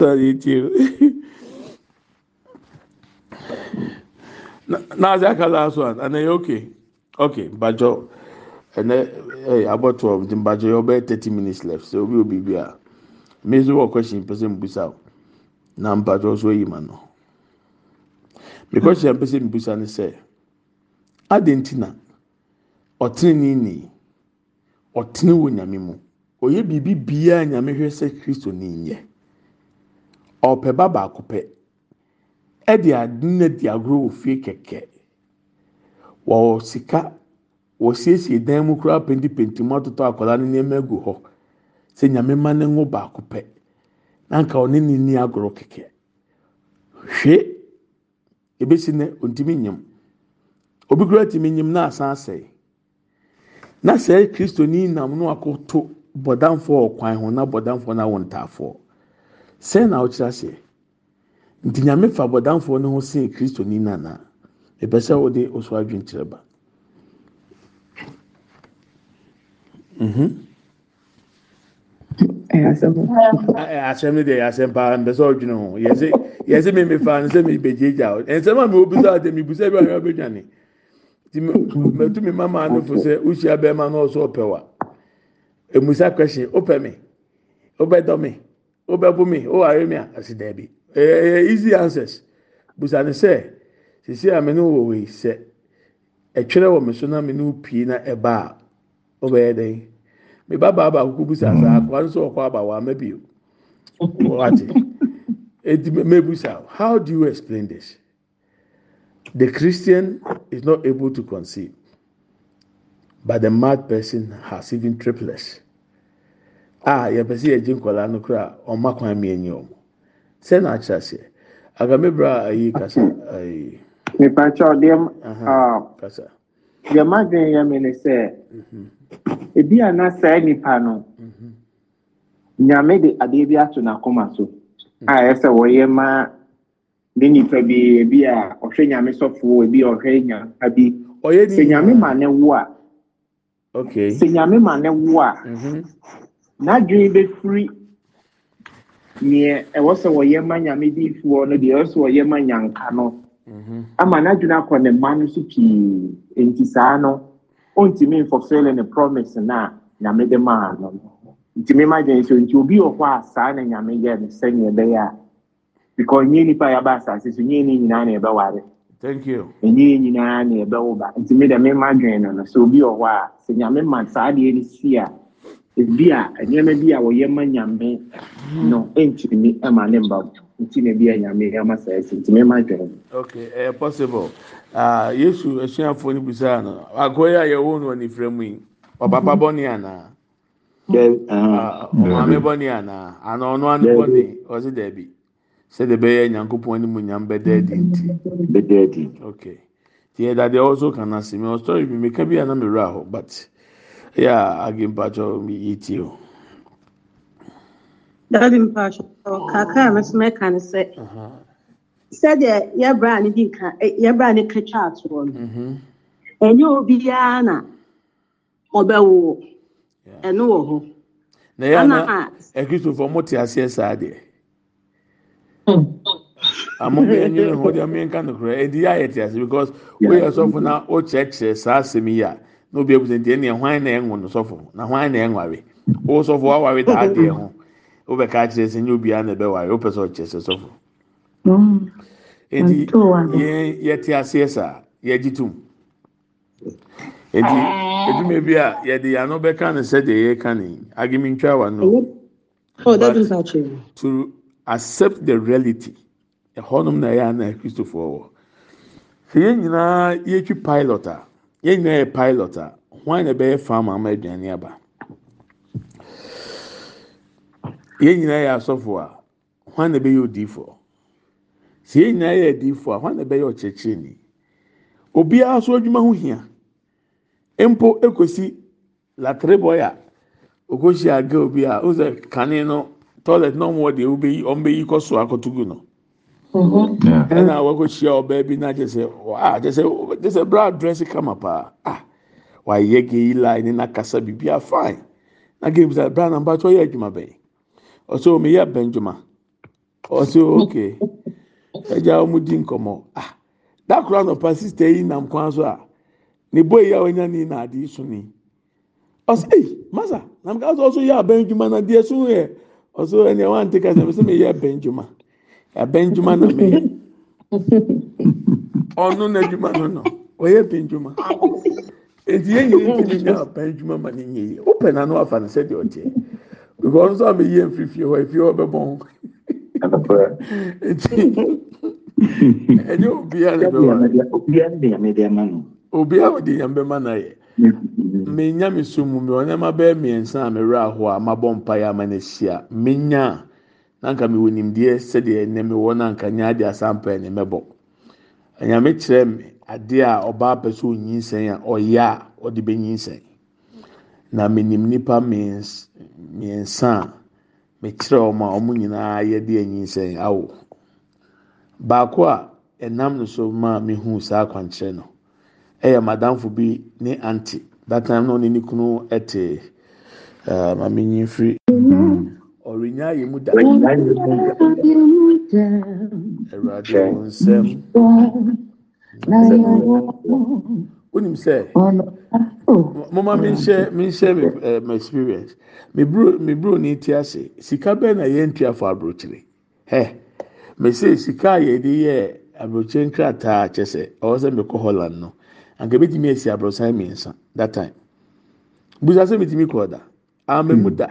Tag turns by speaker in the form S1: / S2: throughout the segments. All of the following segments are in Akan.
S1: tadinho. akala aka last one ana ya okay okay mbajọ abọ 12 mbajọ ya ọbụ 30 minutes left so obi obi bi a mmezi wọ question mpese mbusa na mbajọ ọzọ eyi ma nọ me question mpese mbusa ne sị adị ntị na ọtịrị n'ini ọtịrị wọ nyame mu onye biribi biara nyame hwee kristo ɔpɛ ba baako pɛ ɛde ade na di agorɔ wɔ fie kɛkɛ wɔwɔ sika wɔsiesie dan mu koraa pentipenti mu atotɔ akwadaa ne nneɛma egu hɔ sɛ nyame ma ne ngo baako pɛ nanka ɔne ne ni agorɔ kɛkɛ hwɛ ebesi nɛ ontimi nyam obi koraa timi nyam na asan asɛe na sɛ kristo ni nam no akoto bɔdanfoɔ ɔkwan ho na bɔdanfoɔ na wɔntaafoɔ. sɛn na ɔkyerɛ aseɛ nti nyame fa bɔdanfoɔ no ho sɛ kristo ni nana ɛpɛ sɛ wɔde ɔso adwene kyerɛ ba mhm. asɛm no deɛ yɛ asɛm paa mpɛ sɛ ɔdwene ho yɛsɛ mi mefa no sɛ mebɛgyegya ɛnsɛm a mewɔbisa mi mebusa bi ahwɛ bɛdwane nti me mama no fo sɛ wohyia bɛrima na ɔsɛ ɔpɛ wa ɛmusa question wopɛ me wobɛdɔ me o bɛ bu mi o ayé mi a asi dɛbi ɛɛ easy answers busani sɛ sisi a mi ni wo wei sɛ ɛtwerɛ wɔ mi so na mi ni wo pie na ɛba a o bɛ yɛ dɛn mi ba ba ba kuku busa saa akwa nso ɔkɔ aba wa mɛ bi o wati eti mɛ busa how do you explain this the christian is not able to conceive but the mad person has even triplets. a ah, yɛpɛ sɛ yɛgye nkɔlaa no kora ɔma kwan mmiɛnyi ɔmo sɛ na akyerɛ seɛ ayi kasa hmm. ayi. kasa. deɛ ma dwen yɛ mi ni sɛ mhm. ebi a na sɛ nipa no mhm. nyame de adeɛ bi ato n'akoma so mhm. a ɛsɛ wɔyɛ ma ne nipa bi ebi a ɔhwɛ nyame ebi a ɔhwɛ nyame bi sɛ nyame ma ne wo a sɛ nyame ma ne wo n'adwene bɛfiri neɛ ɛwɔ sɛ wɔyɛ ma nyame diifoɔ no deɛ ɛwɔ sɛ wɔyɛ ma nyanka no mhm. ama n'adwene akɔ ne mma no so pii nti saa no ɔntumi mfɔfele ne promise na a nyame de maa no nti mema dwene sɛ nti obi wɔ hɔ a saa na nyame yɛ no sɛneɛ ɛbɛyɛ a because nyɛ nipa a yɛaba asase so nyɛ ne nyinaa na ɛbɛware thank you ɛnyɛ
S2: nyinaa na ɛbɛwo ba nti me dɛ mema dwene no no sɛ obi wɔ hɔ a sɛ nyame ma saa deɛ no si a ebi a nneɛma bi a wɔyɛ ma nyame no ntumi ma ne mba nti na ebi a nyame ama saa esi ntumi ma dwere.
S1: okay ɛyɛ uh, eh, possible uh, yesu asuafoɔ no bisa no agorɔ a yɛwɔ no wɔ fira mu yi ɔpapa mm-hmm. bɔ ne ana. Ah, ah, ɔmaame bɔ ne ana ana ɔno ano bɔ ne ɔsi dɛbi sɛde bɛyɛ nyankopɔn ne mu nyam bɛda adi
S3: nti. bɛda adi.
S1: okay tiɛ dadeɛ ɔwɔ so kan na simi ɔsɔre bi mi ka bi a na mi ra hɔ but. ya agimpacho mi itio
S3: dadi mpacho kaka
S2: me sme kan sɛ sɛdeɛ yɛbra ne di nka eh, yɛbra ne ka twa atoɔ no na ɔbɛwo ɛno wɔ hɔ
S1: na enyere amị nka ndị ya yɛ te ase because wọ́n yɛ sɔfo na saa na obi ebusa nti ɛnna hwan na ɛnwo no sɔfo na hwan na ɛnware o sɔfo aware da adeɛ ho o bɛ kaa kyerɛ sɛ nye obiara na ɛbɛware o pɛ sɛ ɔkyerɛ sɛ sɔfo.
S3: eti yɛ
S1: yɛte aseɛ saa yɛgye tum eti edwuma bi a yɛde yano bɛka ne sɛ deɛ yɛka ne agemintwa wa no. Oh, that is actually. To accept the reality. Ɛhɔnom na yɛ ana Kristofoɔ wɔ. Sɛ yɛn nyinaa yɛtwi pilot a. yɛn nyinaa yɛ pilot a hwan na ɛbɛyɛ farm ama aduane aba yɛn nyinaa yɛ asɔfo a hwan na ɛbɛyɛ odiifo sɛ yɛn nyinaa yɛ adiifo a hwan na ɛbɛyɛ ɔkyerɛkyerɛni obiara so adwuma ho hia mpo ekosi latere boy a okosi aga obi a ɔsɛ kane no toilet na ɔmo wɔ deɛ ɔmo bɛyi kɔ so akɔtugu no. ɛna mm-hmm. ah. ah. bi ah, na gyesɛ a gyesɛ gyesɛ bra kama paa a wayɛ geyi nakasa na geyi bisa bra namba tó yɛ adwuma ɔsɛ omi yɛ ɔsɛ oke, ɛgya wɔn di nkɔmɔ a dakora nɔpa sista yi nam kwan so a ne yi a wɔnya na adi so ni ɔsɛ ɛy masa nam kasa ɔsɛ yɛ abɛndwuma na deɛ so yɛ ɔsɛ ɛnìyɛ wa n tɛ kasa ɛsɛ mi yɛ abɛndwuma na mɛ ɔno n'adwuma no no ɔyɛ bɛndwuma eti yɛn nyinaa ntumi nya abɛndwuma ma ne nye yie wopɛ n'ano afa no sɛ deɛ ɔteɛ because ɔno nso ama yie nfiri fie hɔ efie hɔ bɛbɔ ho eti ɛnyɛ obiara na
S3: bɛwɔ obiara de yam de ama no
S1: obiara de yam bɛma na yɛ menya me so mu mi ɔnɛma bɛyɛ mmiɛnsa a mewura hɔ a mabɔ mpa yɛ ama n'ahyia menya. na nka mewɔ nimdeɛ sɛdeɛ ɛnɛ mewɔ na nka nyɛ ade asampa ne mɛbɔ anyame kyerɛ me adeɛ a ɔbaa pɛ sɛ onyinsɛn a ɔyɛ a ɔde bɛnyinsɛn na menim nipa mmiɛnsa a mekyerɛ wɔn a wɔn nyinaa yɛde anyinsɛn awo baako a ɛnam no so ma mehu saa akwankyerɛ no ɛyɛ madamfo bi ne aunty that time na ɔne ne kunu ɛte eh, maame nyi firi ymdaoma menhyɛ eh, exprenc mebroni ti ase sika bɛ na yɛntuafɔ abrɔkyere mɛsei sika ayɛde yɛ abrɔkyere nkra taa kyɛr sɛ ɔwɔ sɛ mekɔ hɔ lan no anka bɛtumi asi abrɔsamiɛnsa a tim bsa sɛ metimi kɔda mmda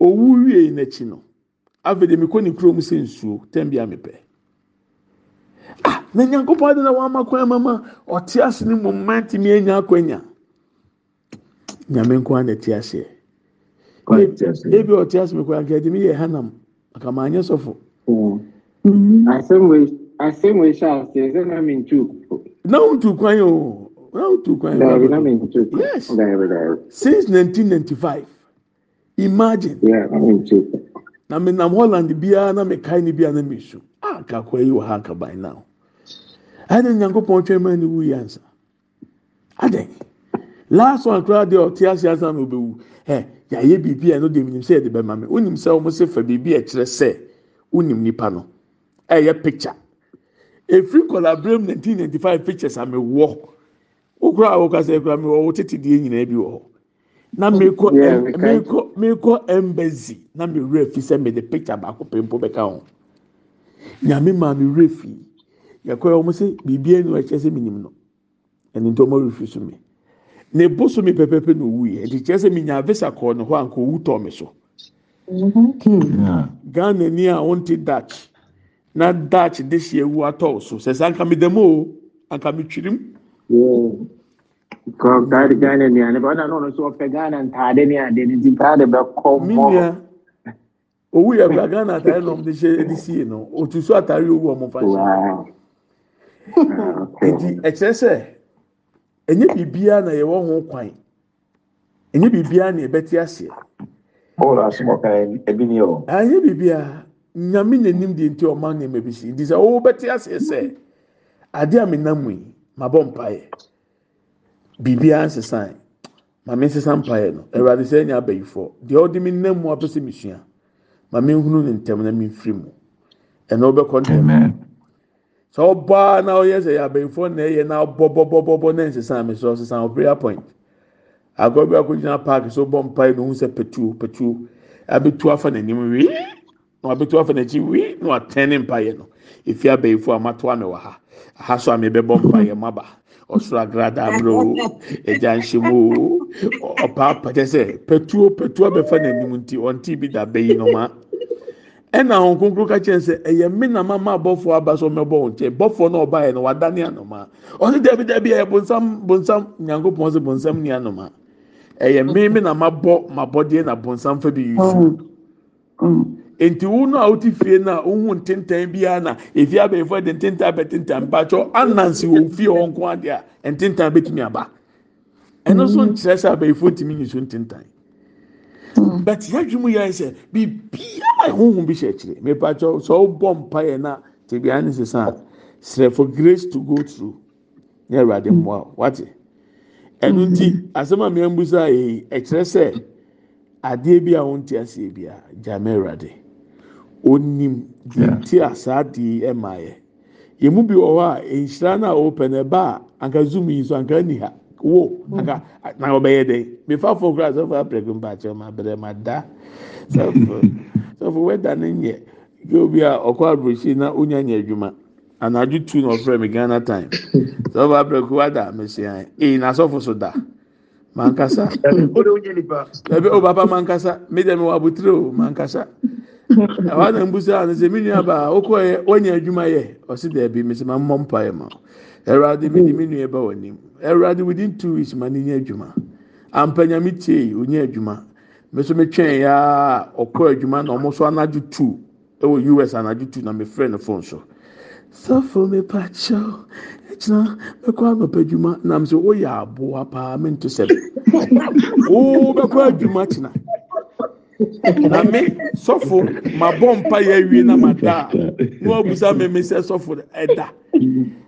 S1: owu wie n'akyi no afei de mekɔ ne kurom sɛ nsuo tɛn bi a mepɛ ah na nyankopɔn adi na wama kwan mama ɔte ase ne mu mmanti mi anya akwanya nyame nko ara na te aseɛ ebi ɔte ase mi kɔ anka ɛdi mi yɛ hanam aka ma anyɛ sɔfo. Mm. Mm-hmm. asɛm wei asɛm wei hyɛ ase sɛ na mi ntu. na o ntu kwan o na o ntu kwan yi. na mi ntu. yes since nineteen ninety five. imagn na menam hland biaa na meknyankpɔaskoaeɔobriɛɛ s biribiakyerɛ sɛ nioyɛ pita firi kɔlabrɛm 5 pictes amewɔ oaɔoteedeɛyinaabiɔhɔ na mekɔ mekɔ mekɔ embassy na mewura fi sɛ mede picture baako pɛ mpo bɛka ho nyame maa mewura fi yɛkɔ yɛ wɔn sɛ biribi enu ɛkyɛ sɛ minim no ɛne ntoma refi so mi na ebo so mi pɛpɛpɛ na owu yɛ ɛdi kyɛ sɛ mi visa kɔɔ ne hɔ a nka owu tɔ mi so
S3: mm-hmm. hmm.
S1: ghana ni a wɔnti dutch na dutch de si ewu atɔ so sɛ sɛ anka mi dɛm o anka mi twirim. Kwa tade gane ni ane, pa so fe na an tade ni ane, ni na tade be kom mo. ya, owó yẹ fún agánà àtàrí lọ́mú ti ṣe ẹni sí ìnà òtún sọ àtàrí owó ọmọ fàṣẹ. Èdì ẹ̀kyẹ́ sẹ̀, ẹ̀nyẹ́ na yẹ wọ́n ho kwan, ẹ̀nyẹ́ e na ẹ̀bẹ̀ e ti àṣẹ. Bọ́ọ̀lù asọ́mọ kan ẹbí ni ọ. Ẹ̀nyẹ́ bìbíà, biribiara nsesan maame nsesa mpaeɛ no awurade sɛ ɛnyɛ abayifoɔ deɛ ɔde mi nam mu apɛ sɛ mesua maame nhunu ne ntɛm na memfiri mu ɛna ɔbɛkɔ ntɛm sɛ ɔbaa na ɔyɛ sɛ abayifoɔ na ɛyɛ na bɔbɔbɔbɔbɔ na nsesan mi sɛ ɔsesan ɔprayer point agorɔ bi akɔgyina park so bɔ mpaeɛ no ho sɛ petuo petuo abetu afa n'anim wii na abetu afa n'akyi wii na watɛn ne mpaeɛ no efi abayifoɔ a matoa mi wɔ ha aha so a mi bɛbɔ mpaeɛ maba ɔsoro agrada amuro ɛgya nhyɛmu ɔpaapa kyɛ sɛ pɛtuo pɛtuo abɛfa n'anim nti ɔnti bi da bɛyi noma ɛna wɔn kunkun ka kyɛn sɛ ɛyɛ mme na mama abɔfoɔ aba so mɛbɔ wɔn nkyɛn bɔfoɔ na ɔba yɛ no wadane anoma ɔne dɛbi dɛbi ɛyɛ bonsam bonsam nyanko pɔn sɛ bonsam ni anoma ɛyɛ mme mme na mabɔ mabɔdeɛ na bonsam fɛ bi yi nti wọn a wote fie na ohun ntentan biara na efi abɛnfo de ntentan abɛtentan mpatsɔ anansi wɔn fie wɔn nko adeɛ a ntentan betumi aba ɛno nso mm. nkyerɛ sɛ abɛnfo ntumi nyi so ntentan mm. but yadwi mu yɛn sɛ biribiara ohun bi hyɛ akyire mipatsɔ sɛ ɔbɔ mpa yɛn na tebi ani sisan srɛ for grace to go through yɛ ɛwurade mmoa wate ɛnu nti mm-hmm. asɛm a mìíràn bu sa ɛkyerɛ sɛ adeɛ bi a wɔn ti aseɛ bi a gya mɛ ɛwurade. onim deɛ ti a saa deɛ ɛma yɛ yɛn mu bi wɔ hɔ a nhyira no a ɔpɛ no ɛba a anka zoom yi nso anka ni ha wo mm. anka na ɔbɛyɛ dɛ mefa fo kura sɔfo apɛrɛgu mpakyɛw ma bɛrɛ ma da sɔfo sɔfo wɛda ne nyɛ yɛ obi a ɔkɔ aburokyi na onya nyɛ adwuma anadwo tu na ɔfrɛ mi ghana time sɔfo apɛrɛgu wada mesia ee na sɔfo so da mankasa ɛbi o papa mankasa mi dɛm wɔ abotire o mankasa. abaana mbusa ano sɛ mi nua baa okɔɛ onye adwuma yɛ ɔsi dɛbi mi bi ma mmɔ mpa ya ma ɛwurade mi di mi nua ba wɔ nim ɛwurade within two weeks ma n'inye nyɛ adwuma ampanyami tie onye adwuma mi nso mi twɛn ya ɔkɔ adwuma na ɔmo nso anadwo two ewu us anadwo two na mi frɛ ne phone so sɔfo mi pa kyɛw ɛkyina mɛkɔ adwuma na paa mi ooo adwuma kyina. na mme sɔfo ma bɔ mpa yɛ na ma da na wa busa mɛmɛ sɛ sɔfo ɛda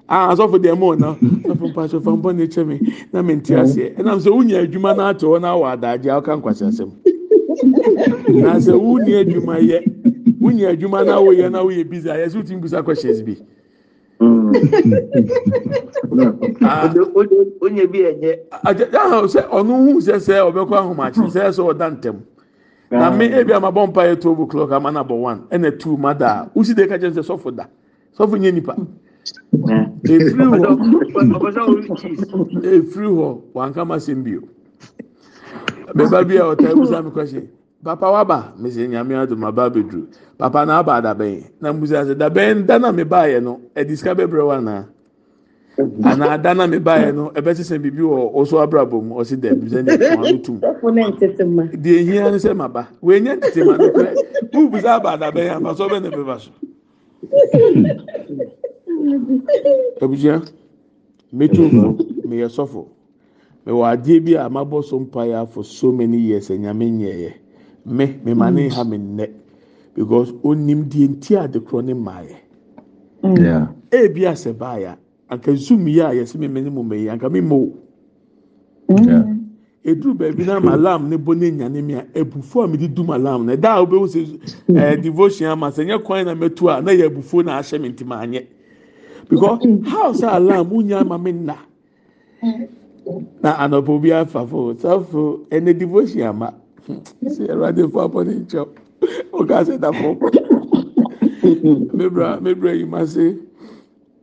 S1: aa sɔfo deɛ mo na sɔfo mpa sɔfo mpa ne kyɛ mi na mɛ nti aseɛ ɛnam sɛ wunya adwuma na ato hɔ na awɔ adagye a nkwasi asɛm
S3: na sɛ wunya
S1: adwuma yɛ wunya adwuma na awɔ yɛ na awɔ yɛ na mme ebia eh, ma bɔ mpa yɛ twelve o'clock ama na bɔ one ɛna two ma da wusi de ka kyerɛ sɛ sɔfo da sɔfo nye nipa
S3: efiri hɔ
S1: efiri hɔ wanka ma se mbio bɛba bi a ɔtaa ebusa mi kɔhyɛ papa waba mesi nyame ma aba abeduru papa na aba adabɛn na mbusa sɛ dabɛn da na mi ba yɛ no ɛdi bɛbrɛ wa naa. ana adana mi ba yɛ no ɛbɛ sisan bibi wɔ ɔso abrabɔ mu ɔsi dɛm sɛ ne kɔn ano tum deɛ ehia ne sɛ ma ba wee nye tete ma no pɛ buubu sɛ aba adaba yɛ ama so ɔbɛ ne bɛba so abusua metu no meyɛ sɔfo mewɔ adeɛ bi a mabɔ so mpaeɛ for so many years ɛnyame e nyɛɛ me me ma ne ha me nnɛ because onim deɛ nti adekorɔ ne mmaayɛ ebi asɛ baayɛ. anka zuom eh, hmm. yɛ ayɛsɛ meme hmm. hmm. ne mumai ankamemɛo duru baabinoma lmn yanem a abo a mee m moɛioɛ aɛahyɛ meniɛr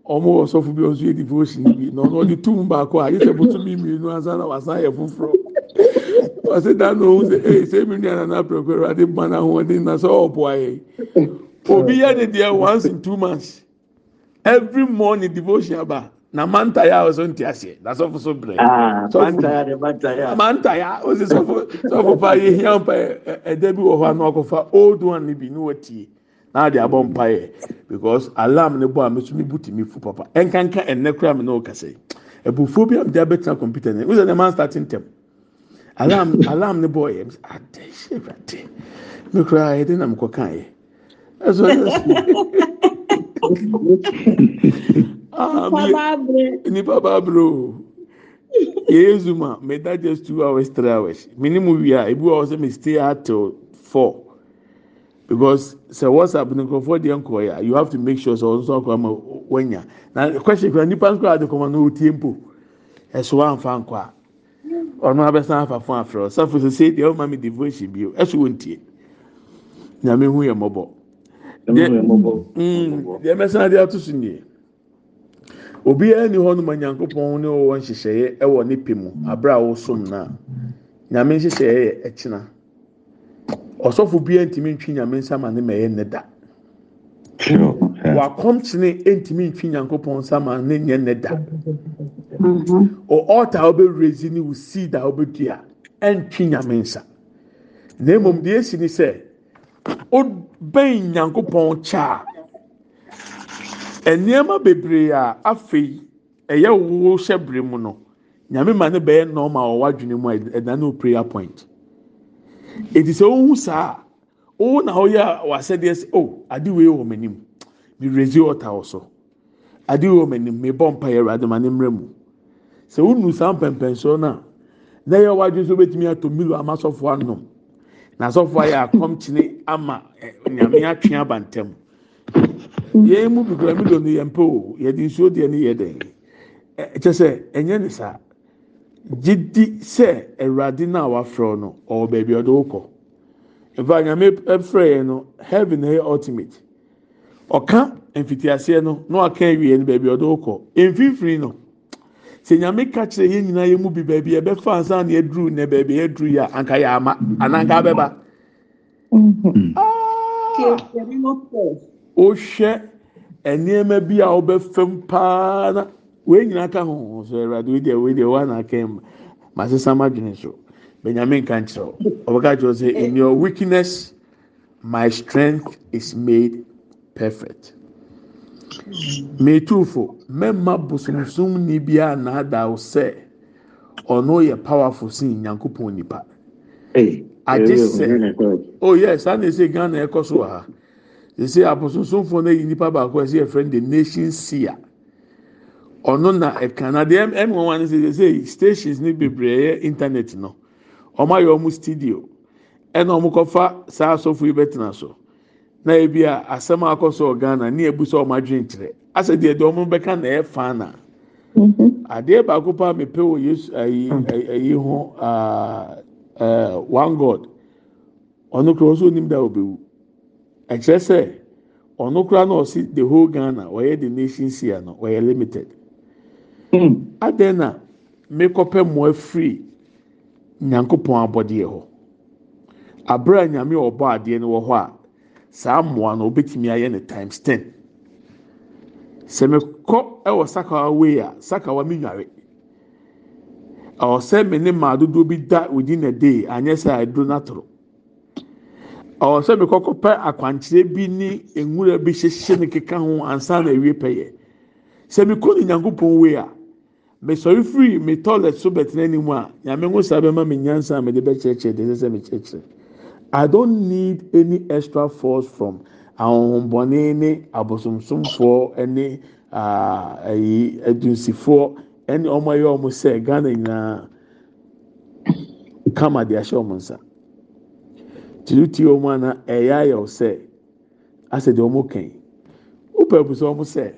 S1: ɔmo wɔ sɔfo bi ɔ so yɛ divotio n bi ɔde tom baakoye sɛ boomimienu asnoasanyɛ foforɔ se daɔhu sɛsɛmiuaanapɛeahonsɛ ɔboaɛ ɔbi yɛ ne deɛ oncen t monts every moni divotion aba na mantaɛ sɛntiaseɛnasfo so brɛmantɛsfo paɛhiapa da bi wɔ hɔ ano kɔfa oldoene bi neatie aade abɔ mpayɛ beause alarm ne bɔ a mɛmeb temf papa nkanka nɛ oa mene okasɛ bfoɔ bi ambɛtena computaresmasatntm alam no
S3: byeaɛena mekaɛnipa
S1: babrɛ ɛm a medajtmnematl f because sir whatsapp ni nkurɔfoɔ deɛ nkɔyɛ you have to make sure sɛ ɔnso akɔ ama wanya na question kura nipa nkura adi kɔma na otie mpo ɛso anfa nkɔ a ɔno abɛsan afa fún afrɛ ɔsafo sɛ deɛ ɔma mi devotion bio ɛso wɔn tie nyame hu yɛ mɔbɔ deɛ mɛsan adi ato so nie ni eh, hɔ eh, anyankopɔn eh, ne wɔn ɛwɔ ne mu abira na nyame yɛ ɛkyina. ɔsɔfo bia ntumi ntwi nyame nsama ne mɛyɛ ne da wakɔmkyene ntumi ntwi nyankopɔn nsama ne nyɛ ne da ɔɔta mm-hmm. a wobɛwurɛzi ne wo seed a wobɛdua ɛntwi nyame nsa na mmom deɛ esi ni sɛ wobɛn nyankopɔn kyɛ a nneɛma bebree a afei ɛyɛ wo hyɛ bere mu no nyame ma ne bɛyɛ nɔɔma ɔwɔ adwene mu a ɛda prayer point. eti sɛ ohun saa ohun na ɔyɛ a wasɛ deɛ sɛ o adi wei wɔ m'anim mi rezi ɔta wɔ so adi wei wɔ m'anim mi bɔ mpa yɛ ɛwurade ma ne mmerɛ mu sɛ ohun saa mpɛmpɛnsoɔ na na yɛ wadwi ato milo ama sọfọ anọ na sɔfo ayɛ akɔmkyene ama nyame atwe aba ntɛm yɛn mu bikura milo no o yɛde nsuo eh, deɛ ne yɛ dɛ ɛkyɛ sɛ ɛnyɛ ne n'isa. gyidi sɛ awurade no a wafrɛ no ɔwɔ baabi ɔde wokɔ mfa nyame frɛ yɛ no heaven ɛyɛ ultimate ɔka mfitiaseɛ no na waka awie no baabi ɔde wokɔ mfimfini no sɛ nyame ka kyerɛ yɛn nyinaa yɛ mu bi baabi yɛbɛfa ansa na yɛduru ne baabi yɛduru yɛ anka yɛ ama ananka bɛba
S3: mm-hmm. ah!
S1: wohwɛ nneɛma bi a wobɛfam paa na wei nyinaa ka ho ho awurade wei deɛ wei deɛ wa na mu ma sesa ma dwene so benjamin kan ɔbɛka kyerɛ sɛ in your weakness my strength is made perfect mmetufo mɛma bosomsom ni bi a naadaw sɛ ɔno yɛ powerful sin nyankopɔn nipa agye sɛ oh yes saa na ɛsɛ ghana ɛkɔ so wɔ ha ɛsɛ abosomsomfoɔ no ayi nipa baako ɛsɛ yɛ friend the nation seer ɔno na ɛka na deɛ ɛmu wɔn wani sɛ sɛ stations ne bebree ɛyɛ internet no wɔn ayɛ wɔn studio ɛna wɔn kɔfa saa asɔfo yi bɛtena so na ebi a asɛm akɔ so wɔ ghana ne ebu sɛ wɔn adwene kyerɛ asɛ deɛ deɛ wɔn bɛka na ɛyɛ fan na mm-hmm. adeɛ baako paa mepɛ wɔ yesu ayi mm. ayi ho aa ɛɛ one god ɔno kura ɔso onim da obewu ɛkyerɛ sɛ ɔno kura na ɔsi the whole ghana ɔyɛ the nation seer no ɔyɛ limited. Mm. adɛn na mekɔpɛ mmoa firi nyankopɔn abɔdeɛ hɔ abere a nyame ɔbɔ adeɛ no a saa mmoa na obetumi ayɛ na times ten sɛ ịwụ sakawa wee a sakawa mi nware ɔwɔ sɛ me ne maa dodoɔ bi da within a day anyɛ sɛ ɛdo natoro ɔwɔ sɛ mekɔ kɔpɛ akwankyerɛ bi ne nwura bi hyehyɛ ne keka ho ansa na ewie pɛyɛ sɛ mekɔ ne nyankopɔn wei a. mesɔre firi me toilet so bɛtena anim a nyame ho saa bɛma me nyansa a mede bɛkyerɛkyerɛ deɛ ɛsɛ sɛ mekyerɛkyerɛ i don't need any extra force from ahohombɔne ne abosomsomfoɔ ne ayi adunsifoɔ ɛne ɔmo ayɛ ɔmo sɛ ghana nyinaa kama de ahyɛ ɔmo nsa tiruti ɔmo ana ɛyɛ ayɛ ɔsɛ asɛ deɛ ɔmo kɛn wopɛ ebusa ɔmo sɛ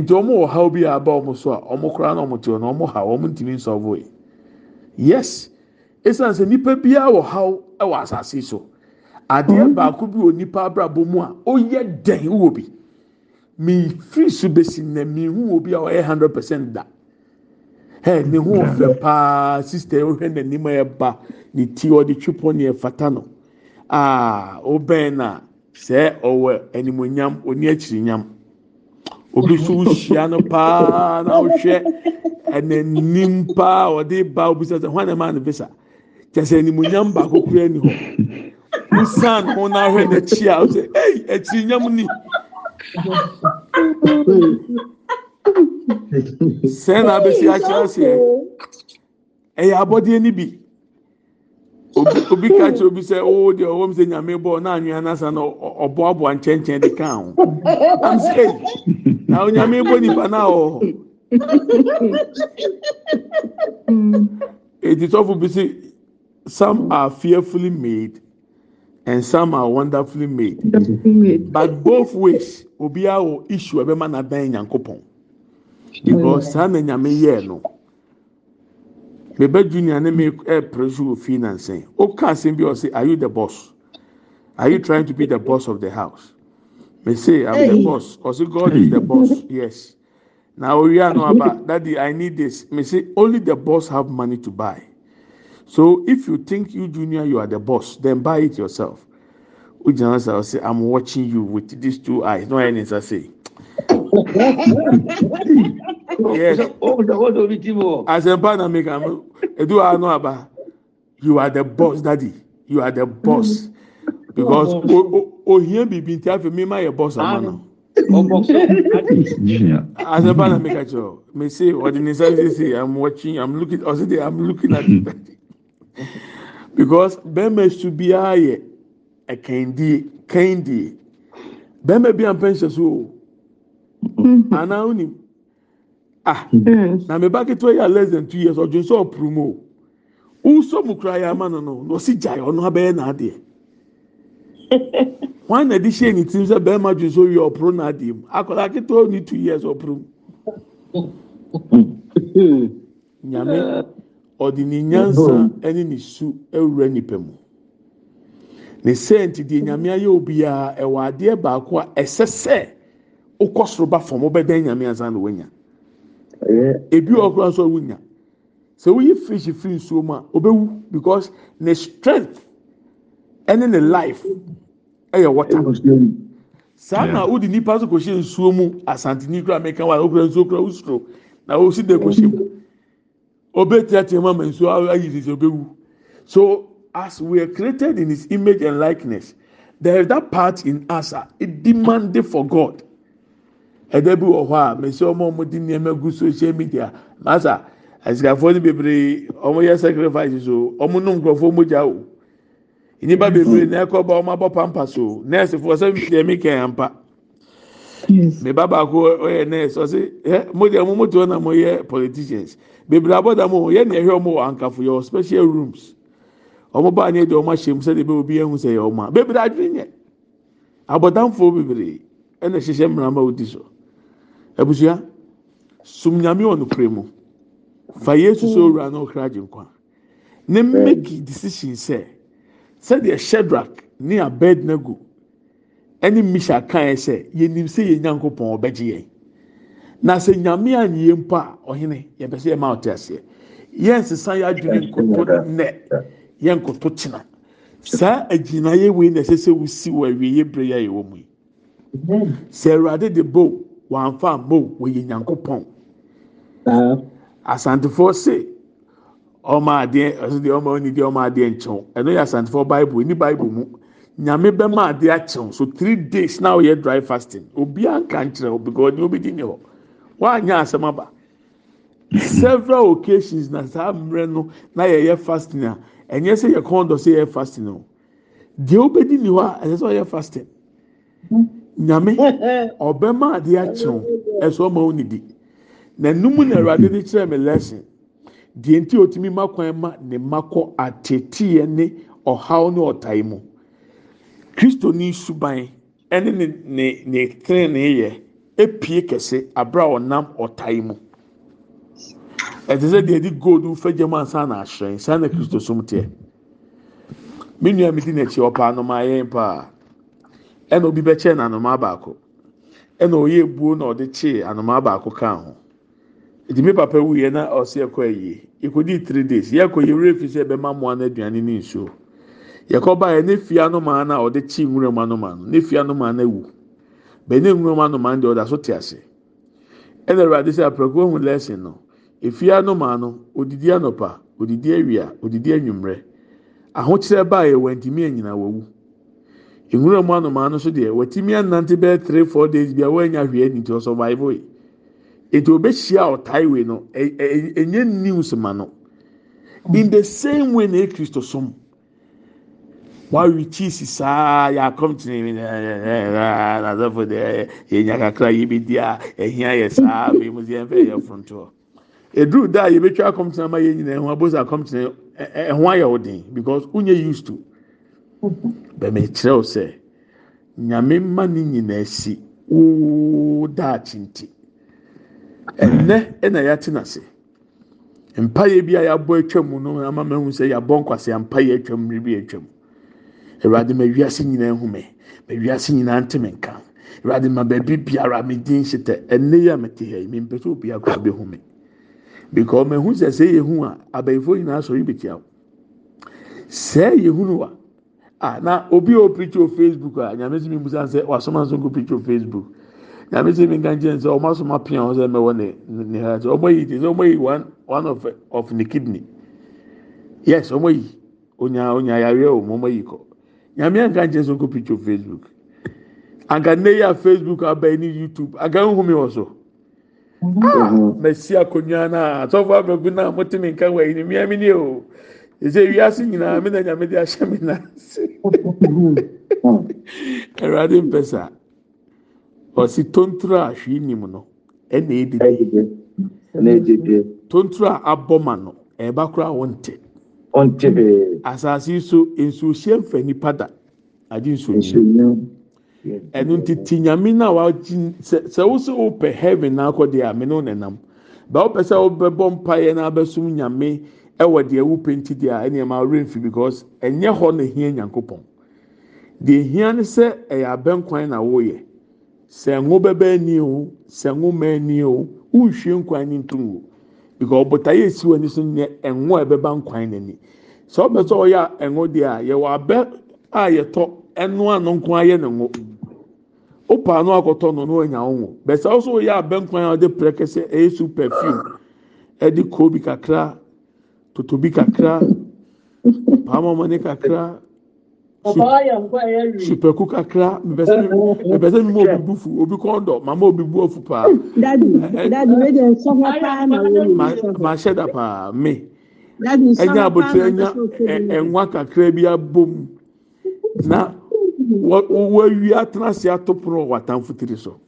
S1: nti wɔn wɔ haw bi a aba wɔn so a wɔn koraa na wɔn te hɔ na wɔn ha wɔn ntumi nsɔfo yi yes esan sɛ nipa biara wɔ haw ɛwɔ asaase so adeɛ mhm. baako bi wɔ nipa abrabɔ mu a ɔyɛ dɛn wɔ bi mi firi so besi na mi hu wɔ bi a ɔyɛ hundred percent da ɛɛ ne ho ɔfɛ paa sista yɛ ɔhwɛ n'anim a ɛba ne ti ɔde twi pɔ ne ɛfata no aa ɔbɛn na sɛ ɔwɔ animonyam oni akyirinyam. obi nso wohyia no paa na wohwɛ ɛnanim paa ɔde ba obisa sɛ hwan na ɛma na visa kyɛ sɛ animonyam baako kura ni hɔ nsan ho na n'akyi a ɔsɛ ɛyi akyiri nyam ni sɛn na abɛsi akyerɛ seɛ ɛyɛ e abɔdeɛ ni bi obi ka kyerɛ obi sɛ ɔwɔ deɛ ɔwɔ mu sɛ nyame bɔ ɔna anwea n'asa na ɔboaboa nkyɛnkyɛn de ka ho am sɛ ahonyame bɔ nipa naa wɔ eti sɔfo bi si some are fearfully made and some are wonderfully made but both ways obiara wɔ issue ɛbɛ ma na dan nyanko pɔn because saa na nyame yɛɛ no bẹbẹ junior ne mi ẹ pẹrẹsù òfin náà sẹyìn ó kà sí bí ọ sẹ are you the boss are you trying to be the boss of the house me say i'm hey. the boss ọsẹ god hey. is the boss yes na oria no aba daddy i need this me say only the boss have money to buy so if you think you junior you are the boss then buy it yourself o jana sa ọsẹ i'm watching you with these two eyes no any sa say. yes asempa na make am edu ano aba you are the boss daddy you are the boss. Mm -hmm because ohia biribi nti afei mi ma yɛ bɔs ama no asɛmpa na mi ka kyerɛ mi se ɔdi ni nsa sisi i'm watching i'm looking ɔsi de i'm looking at you. because bɛrima su biara yɛ ɛkɛndie kɛndie bɛrima bi a mpɛ nhyɛ so o mm-hmm. anaa onim ah mm. na mi ba ketewa yɛ less than two years ɔdun sɛ ɔpuru mu o wusɔ mu kura yɛ ama no no na ɔsi gya yɛ ɔno abɛyɛ n'adeɛ. one edition shee n'itim sị barima ju nso yie ọpụrụ na adị m akọrọ akịta only two years ọpụrụ m nyame ọdị n'inyansa ɛne n'isu ewura nipa mu ne senti di nyame ayɛ obiara ɛwɔ adeɛ baako a ɛsɛ sɛ okɔ soro ba fam ɔbɛdan nyame ansa na wanya ebi ɔkora nso ɔwunya sɛ woyi fish firi nsuo mu a ɔbɛwu because ne strength. ɛne ne life ɛyɛ eh, water saa na wodi nipa so kò hyɛ nsuo mu asanteni kura mɛka wa okura nsuo kura usoro na osi de kò hyɛ mu obe tiatia mu ama nsuo ayi sisi obe wu so as we are created in his image and likeness there is that part in us a ah, it demanded for God ɛdɛ bi wɔ hɔ a mɛsi ɔmo ɔmo di nneɛma gu social media masa asikafoɔ ni bebree ɔmo yɛ sacrifice so ɔmo nom nkurɔfoɔ mo gya o nnipa bebree na ɛkɔ ba ɔmo abɔ pampas o nɛɛse fo ɔsɛ deɛ mi kɛn ampa ne ba baako ɔyɛ nɛɛse ɔsɛ ɛ mo deɛ mo mo to na mo yɛ politicians bebree abɔ da mo yɛ nea ɛhwɛ ɔmo wɔ ankafo yɛ wɔ special rooms ɔmo baa ne deɛ ɔmo ahyɛ mu sɛdeɛ ɛbɛyɛ obi ehu sɛ yɛ ɔmo a bebree adwene nyɛ abɔdanfoɔ bebree ɛna hyehyɛ mmarama odi so abusua sumnyame wɔ no kure mu fa yesu sɛ owura na ɔkra agye nkwa sɛdeɛ shedrack ne abednego ɛne misha kae sɛ yɛnim sɛ yɛn nyankopɔn ɔbɛgye yɛn na sɛ nyame anyie mpo a ɔhene yɛpɛ sɛ yɛma ɔte aseɛ yɛn sesa yɛ adwene nkoto nnɛ yɛn nkoto kyena saa agyinaeɛ wei na ɛsɛ sɛ wosi wɔ awieeɛ berɛ yɛ a yɛwɔ mu yi sɛ awurade de bo wɔamfa mmɔ wɔyɛ nyankopɔn asantefoɔ se ɔmo adeɛ ɔso deɛ ɔmo ɔni deɛ ɔmo adeɛ nkyɛw ɛno yɛ asantefo bible ni bible mu nyame bɛma adeɛ akyɛw so three days na ɔyɛ dry fasting obiara nka nkyerɛw because ɔde obi di ne hɔ wanya asɛm aba several occasions na saa mmerɛ no na yɛyɛ fasting a ɛnyɛ sɛ yɛ kɔn dɔ sɛ yɛ fasting o deɛ obedi ni hɔ a ɛsɛ sɛ ɔyɛ fasting nyame ɔbɛma adeɛ akyɛw ɛsɛ ɔmo ɔni di na num na awurade de kyerɛ mi lesson. deɛ nti otumi ma kwan ma ne ma kɔ ateteɛ ne ɔhaw ne ɔtae mu kristo ne suban ɛne ne ne ne tenenee yɛ epie kɛse abira a ɔnam ɔtae mu ɛte sɛ deɛ di gold fɛgyɛ mu ansa na ahyerɛn saa na kristo som teɛ me nua mi di n'akyi ɔpa anoma yɛn paa ɛna obi bɛkyɛ na anoma baako ɛna oyɛ ebuo na ɔde kyee anoma baako kan ho edi mi papa wu yɛ na ɔsi ɛkɔ ɛyie. yɛkɔdi three days yɛkɔ yɛwura fi sɛ ɛbɛma mmoa no aduane ne nsuo yɛkɔba yɛ ne fia no maa na ɔde kyi nwura mu anoma no ne fia no maa na ewu bɛn ne nwura mu anoma no deɛ ɔda so te ase ɛna awurade sɛ apɛko ohun lesson no efia no maa no odidi anɔpa odidi awia odidi anwummerɛ ahokyerɛ baa yɛ wɔntumi anyina wɔwu nwura mu anoma no so deɛ wɔtumi anante bɛyɛ three four days bi a wɔanya hwɛ ɛni nti ɔsɔ baibu yi. tiobɛhyia a ɔtaewei no ɛnyɛ nni s ma no in the same way na ɛkristo so m issaaɛ bɛmeekyerɛ wo sɛ nyame ma no nyina asi wo daa kyinti ɛnɛ hmm. ɛna yɛate n'ase mpaeɛ bi a yɛabɔ atwam no ama mahu sɛ yɛabɔ nkwasɛ mpaeɛ atwam mmere bi atwam awurade ma wiase nyinaa hu ma wiase nyinaa nte me nka awurade ma baabi biara me hyetɛ ɛnɛ yi a mete ha yi mempɛ sɛ obi akora bɛhu me mahu sɛ sɛ yɛhu a abayifoɔ nyinaa sɔre bɛtia wo sɛ yɛhu no a na obi a ɔpirikyi wɔ facebook a nyame sɛ nso pirikyi wɔ nyame sɛ mi nka nkyɛn sɛ ɔmo asoma pia ɔmo sɛ mɛwɔ ne ne ha sɛ ɔmo yi te sɛ ɔmo yi one one of of ne kidney yes ɔmo yi onya onya yareɛ o ɔmo yi kɔ nyame nka nkyɛn ɔkɔ picture facebook anka ne yi a facebook abɛn ne youtube anka n humi wɔ so mɛsi mhm. ah, akonnwa na asɔfo abɛgu na mo te mi nka wɔ yi ni mia mi ni o ɛsɛ wiase nyinaa mi na nyame de ahyɛ mi na ase ɛwɛ adi mpɛ saa. ɔsi tonturo a hwii nim no ɛna edidi tonturo a abɔ ma no ɛɛba koraa wɔnte asase asaase so nsuo hyɛ mfa nipa da agye nsuo yi ɛnu titi nyame na wagye sɛ sɛ wosɛ wopɛ heaven n'akɔ deɛ ame no nenam baa wopɛ sɛ wobɛbɔ mpa yɛ na abɛsum nyame ɛwɔ deɛ wopɛ nti deɛ ɛnìyɛn ma remfi because ɛnyɛ hɔ na ehia nyankopɔn deɛ ehia ne sɛ ɛyɛ abɛnkwan na wɔyɛ. sɛ ngo bɛbɛ ani o sɛ ngo mɛ ani o nhwie nkwan ne nturu o because ɔbotaeɛ esi wɔ ne so nyɛ ngo a ɛbɛba nkwan n'ani sɛ ɔbɛ sɛ ɔyɛ ngo deɛ a yɛwɔ abɛ a yɛtɔ ɛno ano nko ayɛ ne ngo opa ano akɔtɔ no no ɔnya ngo bɛsɛ ɔso yɛ abɛ nkwan a ɔde pɛrɛ kɛse ɛyɛ e su perfume ɛde koobi kakra totobi kakra paama ɔmo ne kakra supaku kakra mbɛsɛ mi eh, eh, eh. mu obi bu fu obi kɔn dɔ mama obi bu ofu paa. dadi dadi wey de nsɔfɔ paa na wo ma ma hyɛ da paa mi ɛnya abotire ɛnya ɛnwa kakra bi abom na wɔawi atena ase ato pono wɔ atamfo tiri so.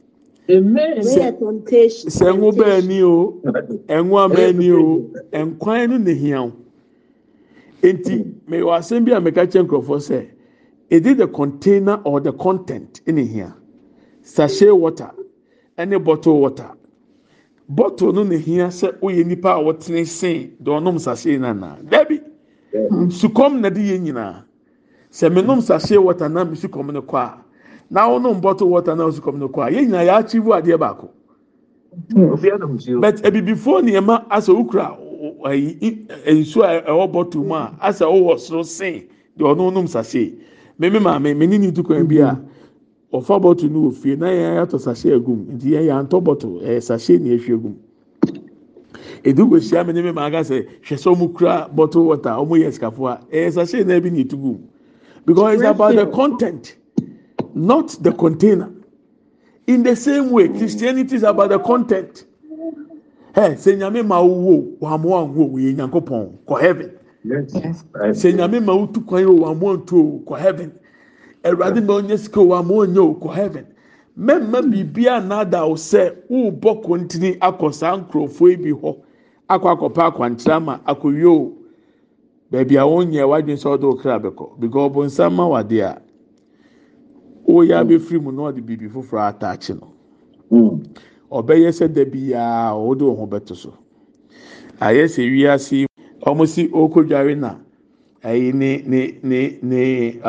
S2: sɛ ɛnwo bɛɛ
S1: ni o ɛnwo e abɛɛ ni o ɛnkwan e no na ehia o nti mɛ wɔ asɛm bi a mɛka kyɛ nkurɔfoɔ sɛ. either the container or the content in here sachet water any bottle water bottle no ne hia sɛ oyɛ nipa a wɔtene sen dɔɔnom sachet na na dabi sukɔm na de yɛ nyinaa sɛ water na sukɔm ne na water na sukɔm ne kɔ a yɛ nyinaa yɛ mímí maame mi ní ní tukọ̀ bi a ọ̀fà bọ́tù ní òfin náà yẹn yàtọ̀ sàṣẹ egum nti yẹn yà ntọ́ bọ́tù ẹ̀ sàṣẹ ní ehwẹ́ gum. edugo hyia mi ní mímí maaka sẹ hwẹ sẹ ọmọ kura bọ́tù wọ́tà ọmọ yẹ sikafo a ẹ̀ sàṣẹ náà bi ní etugu because it's about the content not the container in the same way mm. Christianity is about the content ẹ eh, sẹ nyame ma wo wàmú àwọn wo yẹ nyankó pọn kọ heaven.
S3: sɛ
S1: nyame ma wotu kwan o wamo antu o kɔ heaven awurade ma onye sika o wamo onye o kɔ heaven mɛmma biribia nada o sɛ wobɔ kontini akɔ saa nkurɔfoɔ yi bi hɔ akɔ akɔpa akwankyerɛ ama akɔwie o baabi a wonyɛ wadwin sɛ ɔde okra bɛkɔ because ɔbɔnsam ma wade a woyɛ abɛfiri mu na ɔde biribi foforɔ ataakye no mm. ɔbɛyɛ sɛ da a ɔwode wo ho bɛto so ayɛ sɛ wiase ɔmo si ɔkɔdware na ɛyi n'i n'i n'i n'i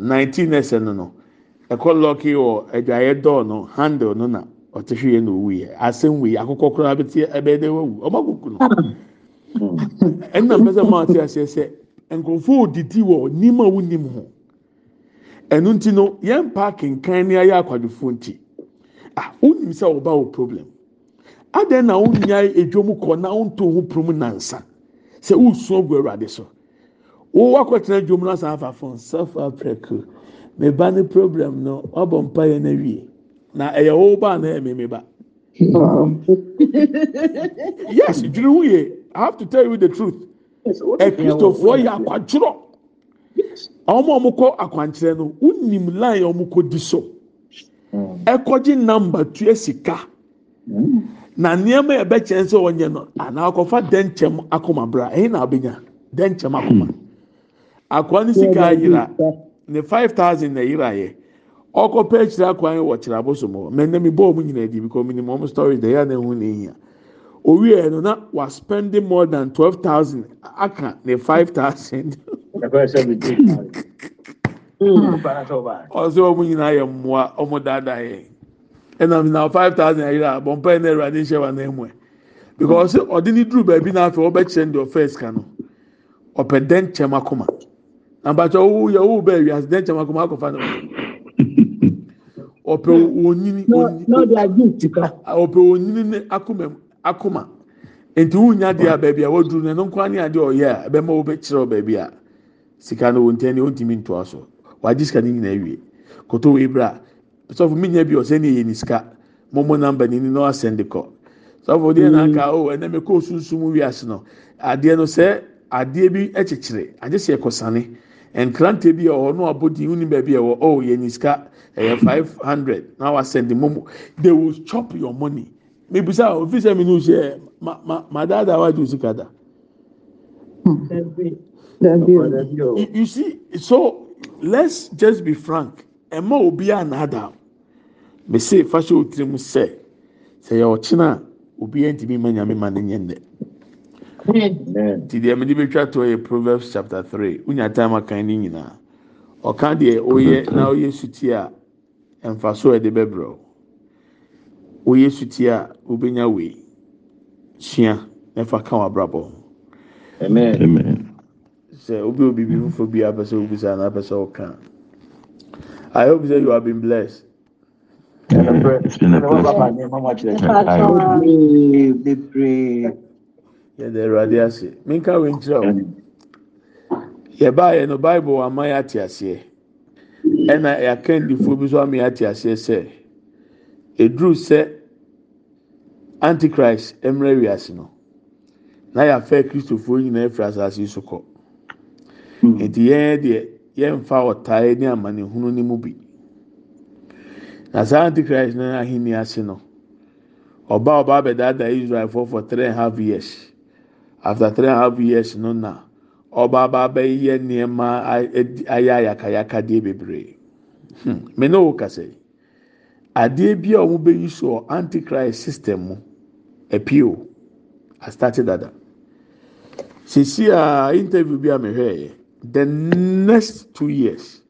S1: nineteen ɛsɛ nọ no ɛkɔ dọọ nọ nọ na ɔte hwee hmm. ah, na owu yɛ asɛm wei akụkọ koraa ebe tie n'ewe dɛ wawu ɔmo akoko no problem na wonya edwom kɔ na sɛ wosu ogu awurade so wowɔ akɔtena dwom no asan afa fon self aprɛko meba ne problem no wabɔ mpa yɛ no awie na ɛyɛ wo ba na eme meme ba yes dwere ho i have to tell you the truth ɛkristofoɔ yɛ akwadworɔ ɔmo a ɔmokɔ akwankyerɛ no wonim line a ɔmokɔdi so mm. ɛkɔgye na nneɛma yɛ bɛkyɛn sɛ wɔnyɛ no anaa akɔfa dɛnkyɛm akoma bra ɛyɛ na abenya dɛnkyɛm akoma akwa ne sika yira ne five thousand na yira yɛ ɔkɔpɛ akyire akwa yɛ wɔ kyerɛ abosom hɔ mɛ nnɛmi bɔɔl mu nyinaa di bi kɔmi ni mɔmu story de yɛ na ehu na ehia owi yɛ no na wa spendi more than twelve thousand aka ne five thousand. ɔsɛ wɔn nyina yɛ mmoa wɔn daadaa yɛ. ɛnam na five thousand ayira bɔnpa ɛna ɛwurade nhyɛ wa nan mu ɛ because ɔde ne duru baabi n'afɛ ɔbɛkyerɛ deɛ ɔfɛ sika no ɔpɛ dɛn kyɛm akoma abatɔ owu yɛ owu bɛɛ wiase dɛn kyɛm akoma akɔfa no ɔpɛ onyini onyini ɔpɛ onyini ne akoma akoma nti wunya deɛ a baabi a waduru no ɛno nkwa ne adeɛ ɔyɛ a ɛbɛma wɔbɛkyerɛ baabi a sika no wɔn ntɛn ne wɔn ntumi ntoa so wagye sika ne nyinaa wie koto wɔ ebira sɔfo mi nya bi ɔsɛ ne yɛ ne sika mɔmɔ namba ni na ɔasɛn de kɔ sɔfo deɛ na nka o ɛnna mi kɔ sunsun mu wiase no adeɛ mm. oh, no sɛ adeɛ bi ɛkyekyere agye sɛ ɛkɔsane nkrante bi a ɔno abɔ di wuni baabi a ɛwɔ oh yɛ sika ɛyɛ five hundred na wasɛn de mɔmɔ they will chop your money mibisa ofi sɛ mi ni o sɛ ma ma ma daadaa wa di sika da. Mm. Oh. you see, so let's just be frank ɛma obiara nnaada nada, fa hyɛ otiri mu sɛ sɛ yɛ ɔkyena obiara ntumi ma nyame ma ne nyɛ nnɛ ti deɛ mede bɛtwa toɔ yɛ proverbs chapter three wonya time akan ne nyinaa ɔka deɛ oyɛ na oyɛ suti a mfa so ɛde bɛbrɛ oyɛ suti a obenya wei sua na fa ka w'abrabɔ amen sɛ obi obi bi fufuo bi apɛ sɛ obi sa na apɛ sɛ ɔka. I hope that you have been blessed. it's been a blessing. yɛde awurade ase menka wo nkyerɛ wo yɛbaayɛ no bible ama yɛ ate aseɛ ɛna yɛaka ndifoɔ bi so ama yɛ ate aseɛ sɛ ɛduru sɛ antichrist mmerɛ wiase no na yɛafa kristofoɔ nyinaa afiri asase so kɔ hmm. nti yɛn deɛ yɛmfa ɔtae ne amanehunu ni mu bi na saa antichrist no ahenni ase no ɔba ɔba abɛdaada israelfoɔ for three and a half years after three and a half years no na ọba aba abɛyɛ nneɛma ayɛ ayakayakadeɛ bebree hmm, me ne wo kasa yi adeɛ bi a wɔn bɛyi so wɔ antichrist system mu dada sisi a interview bi a mehwɛ yɛ. the next two years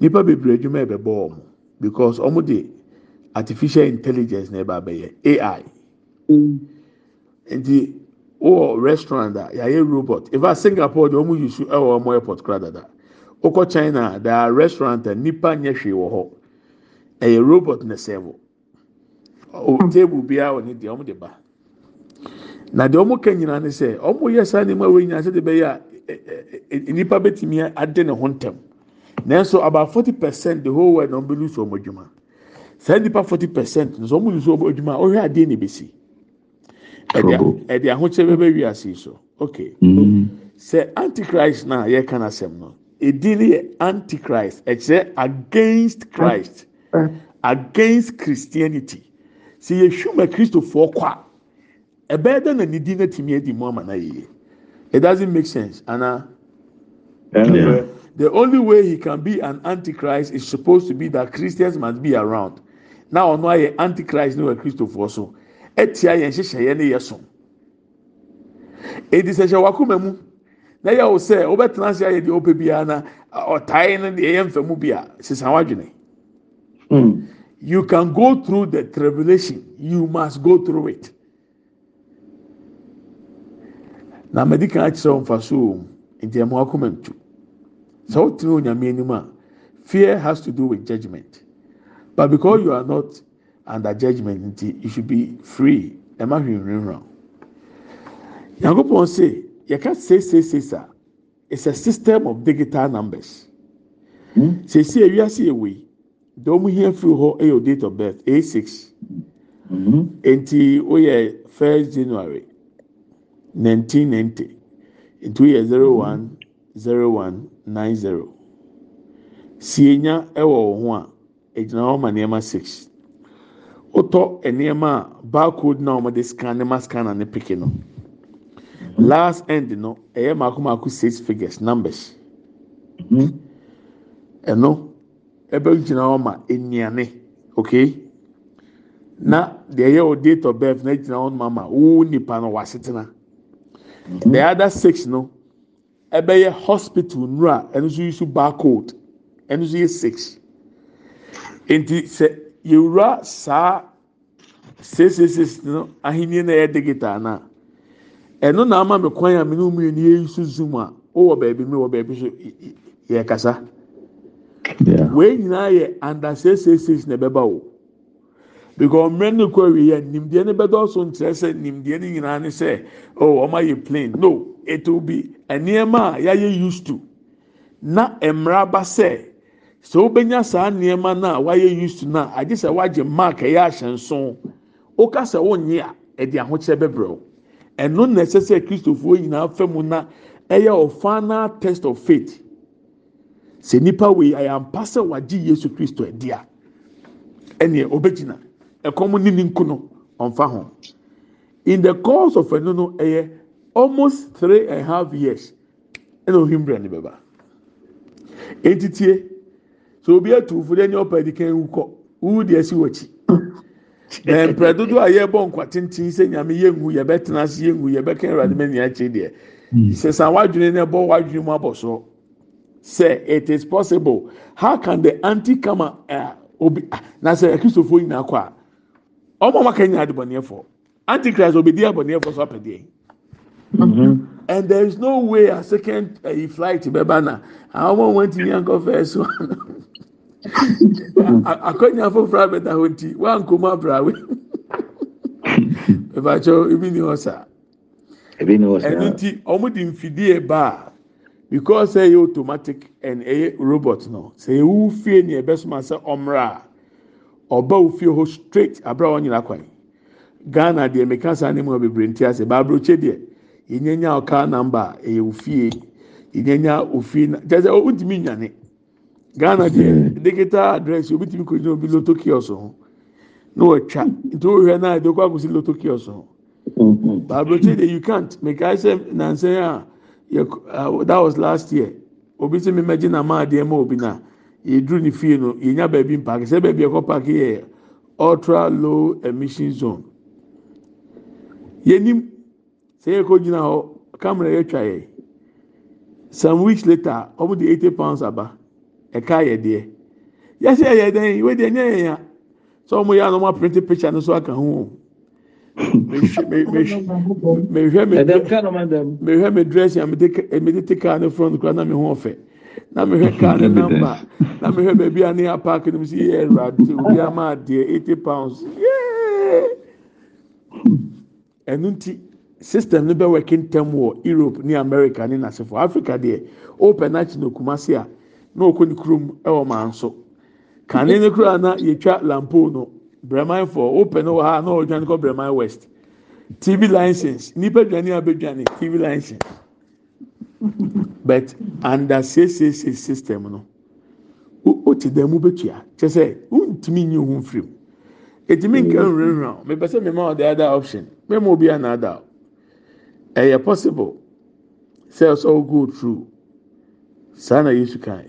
S1: nipa bebree adwuma ɛbɛbɔ wɔn because wɔn de artificial intelligence na ɛba abɛyɛ ai nti wɔ restaurant a yɛayɛ robot efa singapore de wɔn use ɛwɔ wɔn airport kora dada okɔ china da restaurant a nipa nyɛ hwee wɔ hɔ ɛyɛ robot na sɛbo o table biara wɔ ne deɛ wɔn de ba na deɛ wɔn ka nyinaa ne sɛ wɔn yɛ saa nneɛma wɔ nyinaa sɛ de bɛyɛ a. Eh, eh, eh, nipa bɛtumi ade ne ho ntɛm nanso about forty percent the whole world na wɔn bɛ lose wɔn adwuma saa nipa forty percent nso wɔn lose wɔn adwuma ɔhwɛ adeɛ na ebesi ɛde ɛde ahokyere bɛ bɛ wi ase so okay mm-hmm. sɛ antichrist na yɛka na asɛm no edi ne yɛ antichrist ɛkyerɛ against christ against christianity sɛ yɛhwɛ ma kristofoɔ kɔ a ɛbɛyɛ dɛ na ne din na tumi adi mu ama na yie. It doesn't make sense, Anna. Yeah. The only way he can be an antichrist is supposed to be that Christians must be around. Now, ọ̀nà ayẹ antichrist ni wọ́n Christopher so ẹtì ayẹ nhyehyẹ yẹn ni yẹ so. Èdè sẹ̀hyẹ̀ wà kúmẹ̀ mu na yẹ wò sẹ̀ ọ bẹ̀ tẹ̀lé ase ayẹ deɛ ɔpɛ biara na ɔtae no deɛ ɛyɛ nfɛmu bia sisan wadwene. You can go through the tribulation, you must go through it. na madi kan akyerɛ wɔn mfaso wɔm nti ɛmo akoma ntu sɛ wotena onyame anim a fear has to do with judgement but because you are not under judgement nti you should be free ɛma hwehwehwɛ
S3: nyankopɔn se
S1: yɛka seeseeseesa it's a system of digital numbers hmm? seesi ewiase ewe yi deɛ wɔn hia firi hɔ yɛ date of birth eight six mm-hmm. nti o yɛ first january. 1990 nti woyɛ 010190 sienya ɛwɔ wo ho a egyina hɔ ma nneɛma 6 ụtọ nneɛma a barcode na wɔde scan ne ma scanner na pikin mm-hmm. last end no ɛyɛ mako mako six figures numbers mm-hmm. ɛno ɛbɛgyina hɔ ma nnuane okay na deɛ ɛyɛ date of birth na egyina hɔ ma ma wo the hmm? other six no ɛbɛyɛ hospital nura ɛno nso yi so barcode ɛno nso yɛ six nti sɛ yɛwura saa six six six no ahenni na ɛyɛ digital na ɛno na ama mi kwan a mi ne mu yɛ ni yɛ so zoom a ɔwɔ baabi mi wɔ baabi so yɛ kasa wei nyinaa yɛ under six six six na ɛbɛba o. because mmerɛ ne kɔ awie yɛ nimdeɛ ne bɛdɔɔso nkyerɛ sɛ nimdeɛ ne nyinaa ne sɛ oh ɔmo ayɛ plain no it will be nneɛma a yɛayɛ used to na mmerɛ aba sɛ sɛ wobɛnya saa nneɛma no a wayɛ used to no a agye sɛ wagye mark ɛyɛ ahyɛnso woka sɛ wonye a ɛde ahokyerɛ bɛbrɛw ɛno na ɛsɛ sɛ kristofoɔ nyinaa fa mu na ɛyɛ e final test of faith sɛ nipa wei ayampa sɛ wagye yesu kristo adi e a ɛnneɛ ɔbɛgyina ɛkɔm ne ne nku no ɔmfa ho in the course of ɛno no ɛyɛ almost three and a half years ɛna ohun brɛ ne bɛba etitie so obi atu funu ɛni ɔpa edi kan wukɔ wuwu deɛ si wɔkyi na mpɛ dodo a yɛbɔ nkwa tenten sɛ nyame yɛ ngu yɛ bɛ tena ase yɛ ngu yɛ bɛ kɛn ɛwurade mɛ nia kye deɛ hmm. sisan wadwene na ɛbɔ wadwene mu abɔ so sɛ it is possible how can the anti kama ɛɛ eh, obi ah, na sɛ ɛkristofo nyinaa kɔ a ọmọ ọmọ kẹyìn adìbọnìyẹfọ antichrist obedi abọnìyẹfọ sọ apẹdẹ yìí mm-hmm. and there is no way a second uh, flight bẹba na àwọn ọmọ wọn ti ní akọ fẹẹsì wọn akọnyà fọfọrọ abẹta wọn ti wọn kò mọ abúlawé ìbàjọ ibi ni wọn sà ẹni ti ọmọ di nfidie baa because ẹ yẹ automatic and ẹ yẹ robot náà sẹ ẹ wú fíè ni ẹ bẹ sọ ma sẹ ọmọra. ọba ofie hɔ straight abira wɔn nyinaa kwan ghana deɛ mɛka saa ne mu a bebree nti ase baaburokye deɛ yɛnyanya ɔka namba ɛyɛ ofie yɛnyanya ofie na kyerɛ sɛ ɔntumi nyane ghana deɛ hmm. digital address obi kɔ gyina obi loto kiosk ho na wɔtwa nti wɔhwɛ na ɛde kɔ akɔsi loto kiosk ho hmm. baaburokye deɛ you can't mɛka sɛ a yɛ that was last year obi sɛ mɛmɛgye na maa deɛ ma obi naa. yɛduru ne fie no yɛnya baabi mpaaki sɛ baabi ɛkɔ paaki yɛ ultra low emission zone yɛnim sɛ yɛkɔ gyina hɔ kamara yɛtwa yɛ some weeks later wɔn de eighty pounds aba ɛka yɛ deɛ yɛsɛ yɛ dɛn yi wɛ deɛ nyɛ yɛn ya sɛ wɔn yɛ anam aprinti picture no so aka ho o mehwɛ na mehwɛ kaa ne namba na mehwɛ baabi a ne yɛ paaki no mu si yɛ ɛwurade obi ama adeɛ eighty pounds
S3: yee
S1: ɛnu ti system no bɛ working term wɔ europe ne america ne n'asefo africa deɛ open akyi na okumasi a ah. na okɔ ne kurom ɛwɔ maa nso kane ne kura na yɛtwa lampo no bremen for open wɔ ha na ɔdwane kɔ bremen west tv license nipa dwane abɛdwane tv license. but under seesei system no wote dan mu bɛtua o sɛ wontumi o ho mfiri mu ɛtumi nka nwurawura mepɛ sɛ mema ɔde ada option mema obi anaada ɛyɛ possible ọsọ ɔsɛ go through saa na yesu kae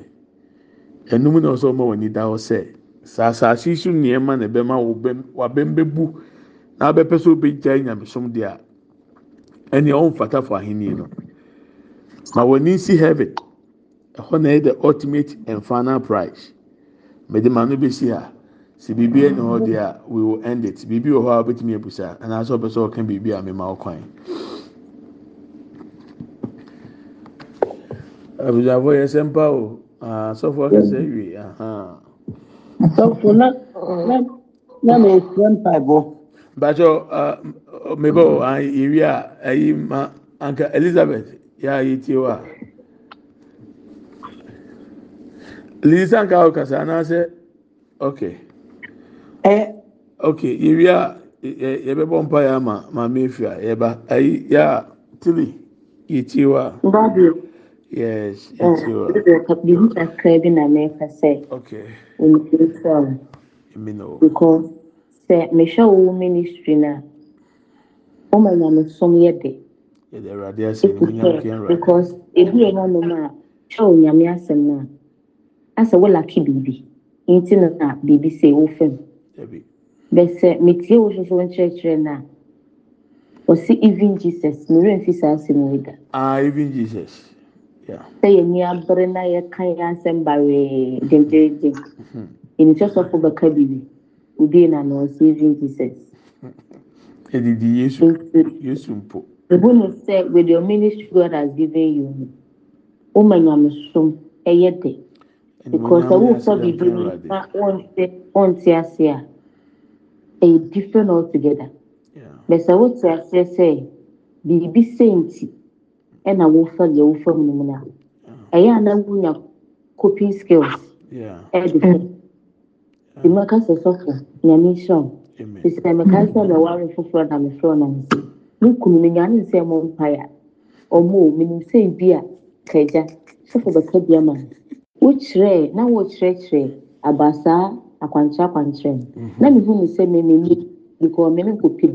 S1: ɛnum na ɔsɛ ɔma w'ani da hɔ sɛ saa asaase so nneɛma na ɛbɛma wabɛn bɛbu na abɛpɛ sɛ obɛgyae nyamesom deɛ a ɛnea ɔmfata fɔ ahenni no ma w'ani si heaven ɛhɔ na yɛ the ultimate and final prize mɛde the no bɛsi ha si biribi ɛni hɔ deɛ a we will end it biribi wɔ hɔ a wobɛtumi abusa anaasɛ ɔbɛ sɛ ɔka biribi a mɛma ɔkwan abusuafo yɛ sɛ mpa o ah, asɔfo akasɛ wie
S3: asɔfo na na na na
S1: ekyirɛ mpaebɔ. bàtɛ ɔ mɛbɔ ɔ yɛ a ɛyi ma anka elizabeth. ya yi cewa lisan kawo kasa na sɛ ok eh. ok yiri a yɛbɛ bɔ mpa ya ma maame efi a yɛba ayi ya tili yi cewa yes yi cewa bibi kakra
S2: bi na mɛka sɛ ok nfiri sɛ because sɛ mehwɛ wo ministry na wɔn ma nyame som yɛ de
S1: yɛde awurade asɛ ne munyam ke awurade
S2: because ebi yɛ hɔ nom a kyɛw nyame asɛm no a asɛ wo laki biribi nti no na biribi sɛ ɛwɔ fam bɛsɛ metie wo soso nkyerɛkyerɛ no a ɔsi even jesus mmerɛ mfi saa asɛm wei da
S1: ah even jesus sɛ
S2: yɛni abere na yɛka yɛ asɛm baree gyemgyemgyem mm-hmm. ɛnikyɛ sɔfo bɛka biribi obi na na ɔsi
S1: even jesus ɛdidi yesu yesu mpo
S2: bunu sɛ withomeni sradas givihu woma nyamesom yɛ de becaus ɛ woofa biribi onte aseɛ a yɛ difren al togeter mɛsɛ woteaseɛ sɛ biribi senti na wofayofamnom noa yɛ a nawoonya cope skills de f i mkas sf nae isɛmeka sɛmaarfoforɔ namefrɛna me kunu me nyane sɛ mo mpaeɛ ɔmo o menim sɛ ebi a kagya sɛfo bɛka bi ama wokyerɛɛ na wokyerɛkyerɛ abasaa akwankyerɛ akwankyerɛ mu mhm. na mehu no sɛ mememi because meme nkɔpem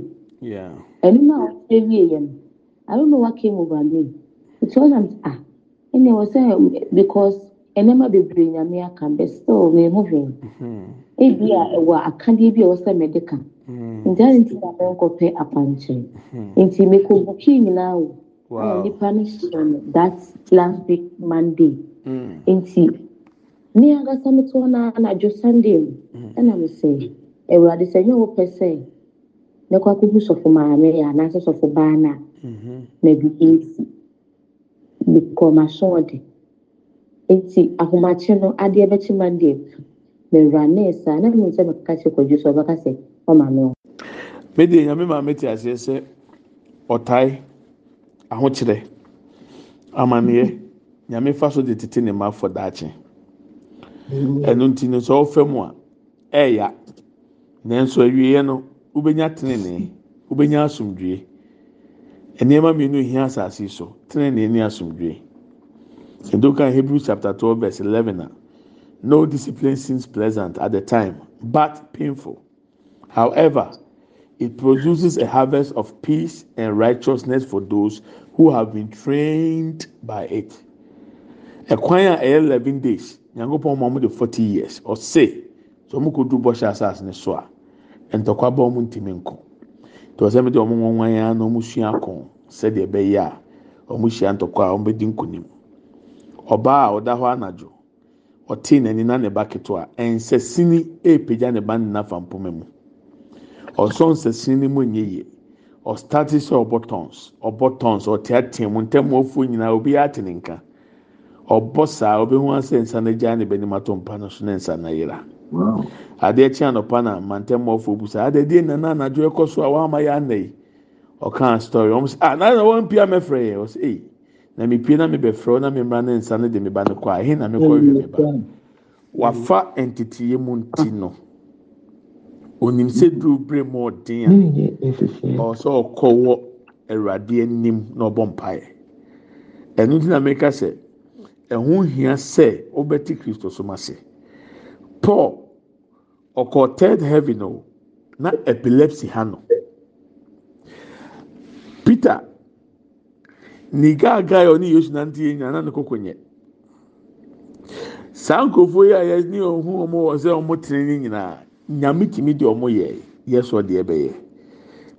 S2: ɛno no a wokyerɛ wieɛ no i don't know what came over me it was am ah ɛnna ɛwɔ sɛ because nneɛma bebree nyame aka bɛ still mehu hwee mhm. ebi a ɛwɔ akadeɛ bi a ɛwɔ sɛ ka. Mm-hmm. nti mm-hmm. na mɛnkɔpɛ akwankyerɛ nti mekɔbuki nyinaa o ɛna nipa no hyɛ no that last week monday nti me ankasa metoɔ no anadwo sunday mu ɛna mesɛ awurade sɛ nyɛ wopɛ sɛ mɛkɔ akɔhu sɔfo maame yɛ anaasɛ sɔfo baa no a madu ɛnsi mekɔmasɔɔde nti ahomakye no adeɛ bɛkye monday mewura ne saa na mmom sɛ mekeka kyerɛ kwadwo sɛ ɔbɛka sɛ
S1: ɔma mede nyame maame te aseɛ sɛ ɔtae ahokyerɛ amaneɛ nyame fa so de tete ne ma fɔ daakye ɛno nti no sɛ ɔfɛ mu a ɛɛya nanso awieɛ no wobɛnya tenenee wobɛnya asomdwie nneɛma mmienu hia asase so tenenee ne asomdwie ndoka hebrew chapter twelve verse eleven a no discipline seems pleasant at the time but painful however. It produces a harvest of peace and righteousness for those who have been trained by it. Ɛkwan a ɛyɛ eleven days, nyankopɔn ma wɔn de forty years. Ɔse, sɛ wɔn kɔ du bɔhyɛ asase ne so a, ntɔkwa bɔ wɔn ntumi nko. Tɔsɛm de wɔn wɔn wɔn ya na wɔn sua ko sɛdeɛ ɛbɛyɛ a wɔn hyia ntɔkwa a wɔbɛdi nkonim. Ɔbaa a ɔda hɔ anadwo, ɔte n'ani na ne ba ketewa, nsɛsini epagya ne ba nina fa mpoma mu ɔsɔn sɛsin ni mu nye yie ɔstati sɛ ɔbɔ tons ɔbɔ tons ɔteatea mu ntɛm ɔfo nyinaa obi ate ne nka ɔbɔ saa obi ho asɛ nsa na gya ne bɛ nim ato mpa no so ne nsa na yera adeɛ kye anɔpa na ma ntɛm ɔfo bu saa adeɛ deɛ nana anadwo ɛkɔ so a wama yɛ ana yi story ɔmo sɛ ah nana wɔn pia mɛfrɛ yɛ ɔsɛ eyi na mi pie na mi bɛfrɛ na mi mra ne nsa ne de mi ba ne kɔ a ehe na mi kɔ yɛ mi ba wafa ntete yɛ mu nti no. onim sɛ duru bere mu ɔden a ɔsɛ ɔkɔ wɔ awurade anim na ɔbɔ mpaeɛ ɛno nti na meka sɛ ɛho hia sɛ wobɛte kristo som ase paul ɔkɔ third heaven o na epilepsy ha no peter ne gaagaa a ɔne yesu nante yɛ nyinaa na ne koko nyɛ saa nkurɔfoɔ yi a yɛne ɔhu wɔn wɔ sɛ wɔn tene ne nyinaa nyame tumi deɛ ɔmo yɛ yɛ di deɛ bɛyɛ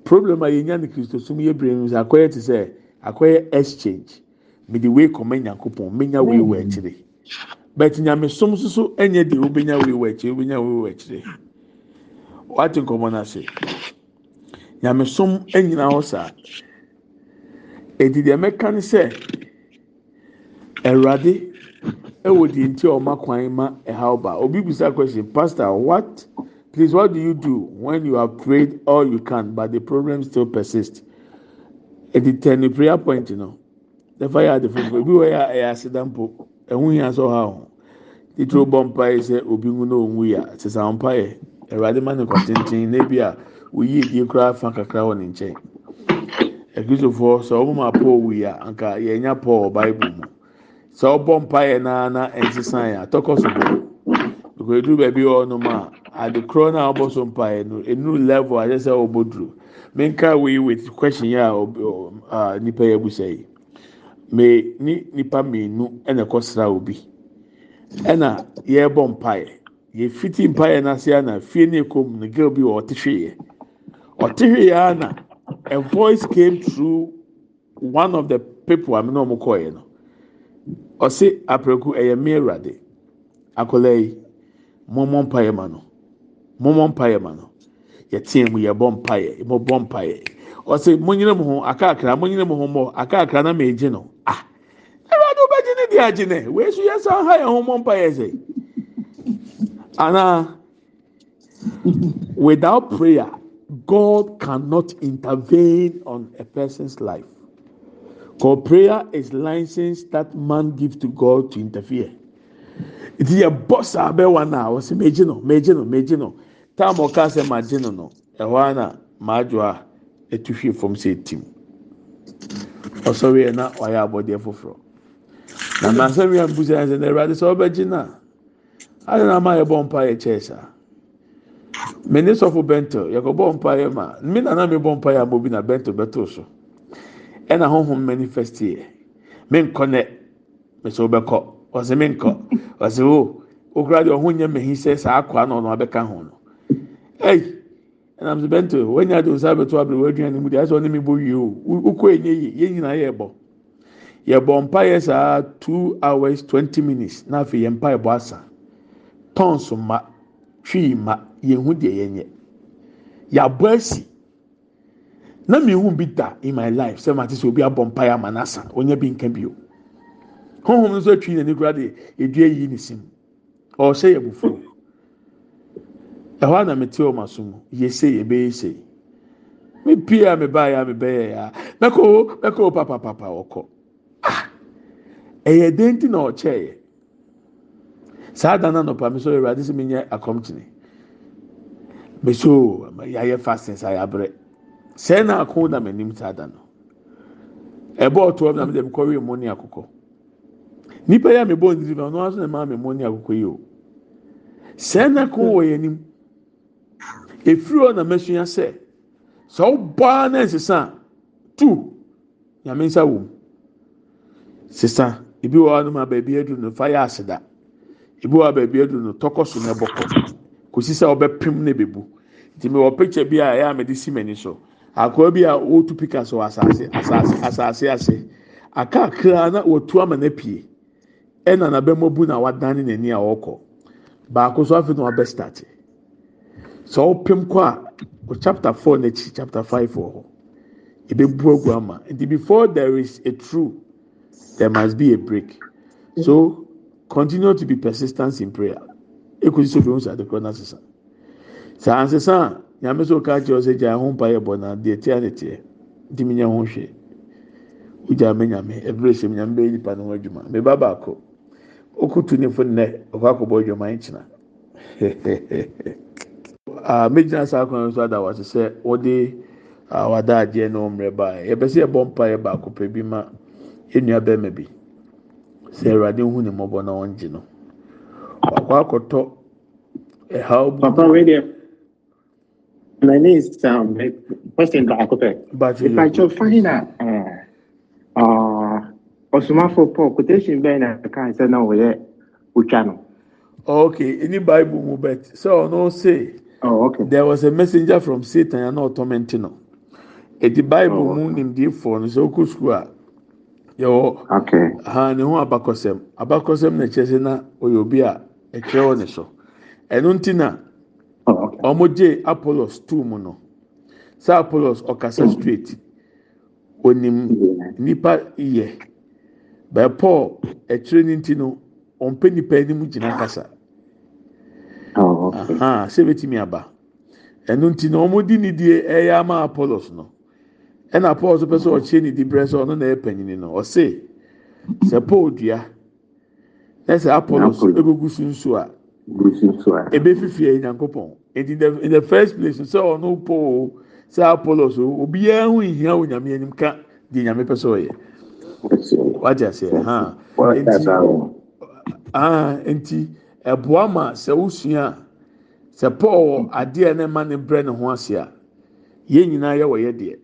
S1: problem a yɛnya no kristosom yɛ bere no sɛ akɔyɛ te sɛ akɔyɛ exchange mede wei kɔmɛ nyankopɔn menya wei wɔ akyire but nyame sum soso ɛnyɛ deɛ wobɛnya wei wɔ akyire nya wei wɔ akyire wate nkɔmɔ no ase nyame som ɛnyina hɔ saa edi deɛ mɛka ne sɛ ɛwurade nti ma obi bisa question pastor what. Please, what do you do when you have prayed all you can, but the problem still persists? Èdè tẹ̀ ní prayer point you know. náà. Lẹ́fà yà àdìfẹ́ fún ebi wọ́n yà ẹ̀yà àṣìdánpọ̀ ẹ̀hún yà sọ̀ ha ọ̀hún. Títúrò bọ̀ mpa yẹ sẹ́ obi ń náà òun yà sísà mpa yẹ ẹ̀rọ adé we ní kọ̀ tenten n'ebi a òyì èdè kura fa kakra wọ̀ ní nkyɛn. Ẹ̀kísòfò sọ wọ́n mu apọ̀ òwì yà nka yẹ̀ nya pọ̀ ọ̀ Bible mu. Sọ bọ̀ mpa yẹ náà Talk us sísan We atọ́kọ̀ sọ̀bọ̀. Ìkòyè dúró no ọ̀ adekorɔ no a wɔbɔ so mpaeɛ no enu level a yɛsɛ ɔbɔ duro menka wei with question yɛ a a nipa yɛ abusa yi mee ni nipa mienu ɛna ɛkɔ sra obi ɛna yɛrebɔ mpaeɛ yɛfiti mpaeɛ n'ase ana fie ne kom ne girl bi wɔ ɔte hwee yɛ ɔte hwee yɛ ana a voice came through one of the people a mena wɔn kɔɛ no ɔsi aprɛku ɛyɛ mmea awurade akɔla yi mɔmɔ mpaeɛ ma no. mommɔ mpaeɛ ma no yɛteɛ mu yɛbɔ mpaeɛ mobɔ mpaeɛ ɔsɛ monyere mo ho akakra monyere mo ho mmɔ akakra na meegye no ah ɛwurade wobɛgye ne deɛ agye ne wei so yɛsan ha yɛn ho mmɔ mpaeɛ sɛ anaa without prayer God cannot intervene on a person's life. For prayer is license that man gives to God to interfere. nti yɛbɔ saa bɛwa no a wɔsɛ megye no megye no ma no tam ɔka no a na maadwo a ɛtu hwie fam sɛ ọsọ ɔsɔreɛ na wayɛ abɔdeɛ foforɔ na nasɛmea mbusa sɛ na awurade sɛ ɔbɛgye no a ade na ama yɛbɔ mpa yɛ kyɛɛ mpa ɔsɛ mi nkɔ ɔsɛ o okura deɛ ɔho nyɛ mɛhin sɛ saa ah, akɔ ano ɔno abɛka ho no ɛyi ɛnam sɛ bɛnto wɔnyɛ adi osa abɛto abiri wɔadua ne mu deɛ asɛ ɔne mi bɔ wie o okɔ enye yie yɛn nyinaa yɛ bɔ yɛ bɔ mpa yɛ saa two hours twenty minutes n'afɛ yɛ mpa yɛ bɔ asa tɔnso ma twi ma yɛn ho deɛ yɛn yɛ yɛabɔ esi na mi hu bi da in my life sɛ ma ti sɛ obi abɔ mpa yɛ ama n'asa onye bi nka bi o. ho ah! sɛ atwii nanikorade ɛdua yi no sim ɔɔhyɛ yɛ abufo ɔhɔna meteɔma som yɛsɛibɛɛsɛ mepie a meaɛɛɔaaɔkɔyɛ dati na ɔɔkyɛɛ ɛaɔkkɔ nipa yi a mebɔ ne tiri ɔno aso na maa mi mo ne akoko yi o sɛn na ko wɔ yɛn anim efiri hɔ na mɛsua sɛ sɛ ɔbaa na nsesa tu nyame nsa wɔm sesa ebi wɔ anum a baabi adu no fa aseda ebi wɔ baabi adu no tɔkɔ so na ɛbɔkɔ kòsi sɛ ɔbɛpem na ebebu nti mi wɔ picture bi a ɛyɛ a mɛde si m'ani so akɔrɔ bi a ɔɔtu pika so wɔ asase asase asase ase akaakra na wɔtu ama na pie. ɛna n'abɛmobu na wadane n'ani a ɔkɔ baako so afei na wabɛstarte sɛ ɔpem kɔ a o chapter four n'akyi chapter five wɔ hɔ ebebu agu ama nti before there is a true there must be a break so continue to be persistent in prayer ekusi so bi ohun sɛ na sisan sɛ ansisan a nyame so ka kyerɛ sɛ gya ho mpa yɛ bɔ na deɛ tia ne teɛ ntumi nyɛ ho hwɛ ogya me nyame ebire sɛ nyame bɛyɛ nipa ne ho adwuma meba baako. okutu nifo nnɛ ɔkɔ akɔbɔ adwaman kyina a megyina saa kwan so ada wase sɛ wɔde a ah, wada agyeɛ ne ɔmmerɛ baa yɛbɛ sɛ yɛbɔ mpa yɛ baako pɛ bi ma yɛnua bɛrima bi sɛ awurade hu ne mmɔbɔ na ɔngye no wakɔ akɔtɔ ɛhaw eh, bu papa wei my name is um question baako pɛ if i chop fine na ɔsomafo paul quotation bɛn na kan sɛ na wɔyɛ otwa no. okay any bible mu bet sɛ ɔno say. Oh, okay. there was a messenger from satan ɛna ɔtɔmɛnti no eti bible mu nimdiifoɔ no sɛ okɔ sukuu a yɛwɔ ha ne ho abakɔsɛm abakɔsɛm na kyerɛ sɛ na ɔyɛ obi a ɛkyerɛ wɔ ne so ɛno nti na ɔmo gye apollos tuu mu no sɛ apollos ɔkasa hmm. straight onim nipa yɛ bɛɛ paul akyire ne ti no ɔmpɛ nipa anim gyina kasa oh, sɛ bɛtumi aba ɛno nti na wɔn di ne die ɛyɛ ama apollos no ɛna paul nso pɛ sɛ ɔkyerɛ ne di brɛ sɛ ɔno na ɛyɛ panyin no ɔse sɛ paul dua na sɛ apollos egugu so nso a ebe fifi yɛ nyankopɔn nti in the first place sɛ ɔno paul sɛ apollos obiara ho nhia wɔ nyame anim ka di nyame pɛ sɛ ɔyɛ wagye aseɛ ha nti ah nti ɛboa ma sɛ wosua sɛ paul wɔ adeɛ ne ma ne brɛ ne ho ase a yɛn nyinaa yɛ wɔ yɛ deɛ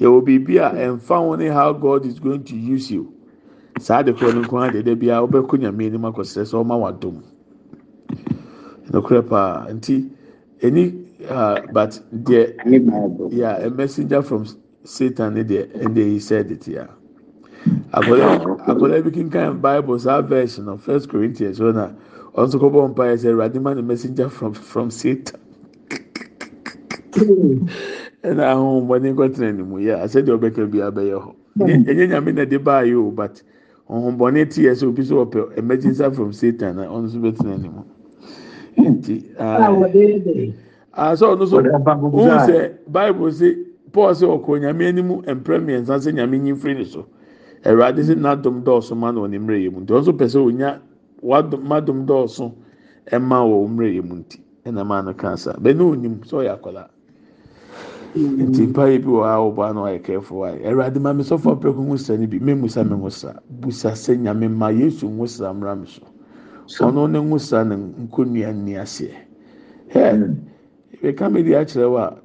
S1: yɛwɔ biribi a ɛnfa ho ne how god is going to use you saa de korɔ no nko ara deɛ de bia wobɛkɔ nyame anim akɔsrɛ sɛ ɔma wadom nokorɛ paa nti ɛni uh, but deɛ yeah, a messenger from satan ne there, and yi said it tia. akwadaa bi kinkan bible saa version of first corinthians hɔ na ɔno nso kɔbɔ mpa yɛ sɛ awurade ma ne messenger from from satan hmm. ɛna ahohommɔne bi abɛyɛ hɔ hmm. ɛnyɛ nyame na baa yi o but ahohommɔne ti obi so emergency from na ɔno nso nti ah, ah, ah, bible paul nyame nyame firi awurade na n'adom ma na ɔnimmerɛ yɛ mu nti ɔnso pɛ sɛ onya madom dɔɔso ɛma wɔ ɔmmerɛ yɛ mu nti ɛna maa na na onim sɛ ɔyɛ akwadaa
S3: nti bi
S1: ha na ɔyɛ kɛɛfo a awurade ma mi sɔfo apɛko ho bi mɛ musa busa nyame ma yesu ho sa so ne nni akyerɛ wa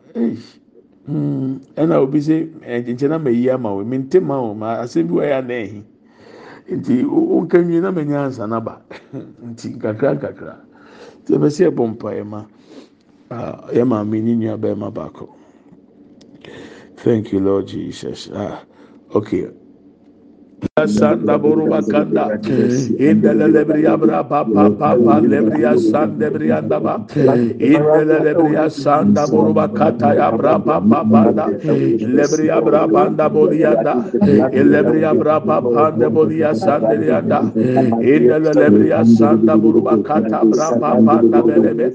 S3: ɛna
S1: hmm. obi sɛ eh, nkyɛn na ma yi ama wo mi ntɛ ma wo ma asɛm bi wɔ ya na ɛhi nti o nka nwi na ma nya ansa na ba nti nkakra nkakra nti ɛbɛ sɛ ɛbɔ mpa yɛ eh, ma a ah, yɛ eh, maame ne nua bɛrima baako thank you lord jesus ah okay. sanda boruba kanda in lebriya bra pa pa pa pa lebriya in lebriya da ba boruba kata ya bra pa pa pa da lebriya bra banda bodiya da lebriya bra pa bodiya san lebriya da indele boruba kata bra pa pa in belebe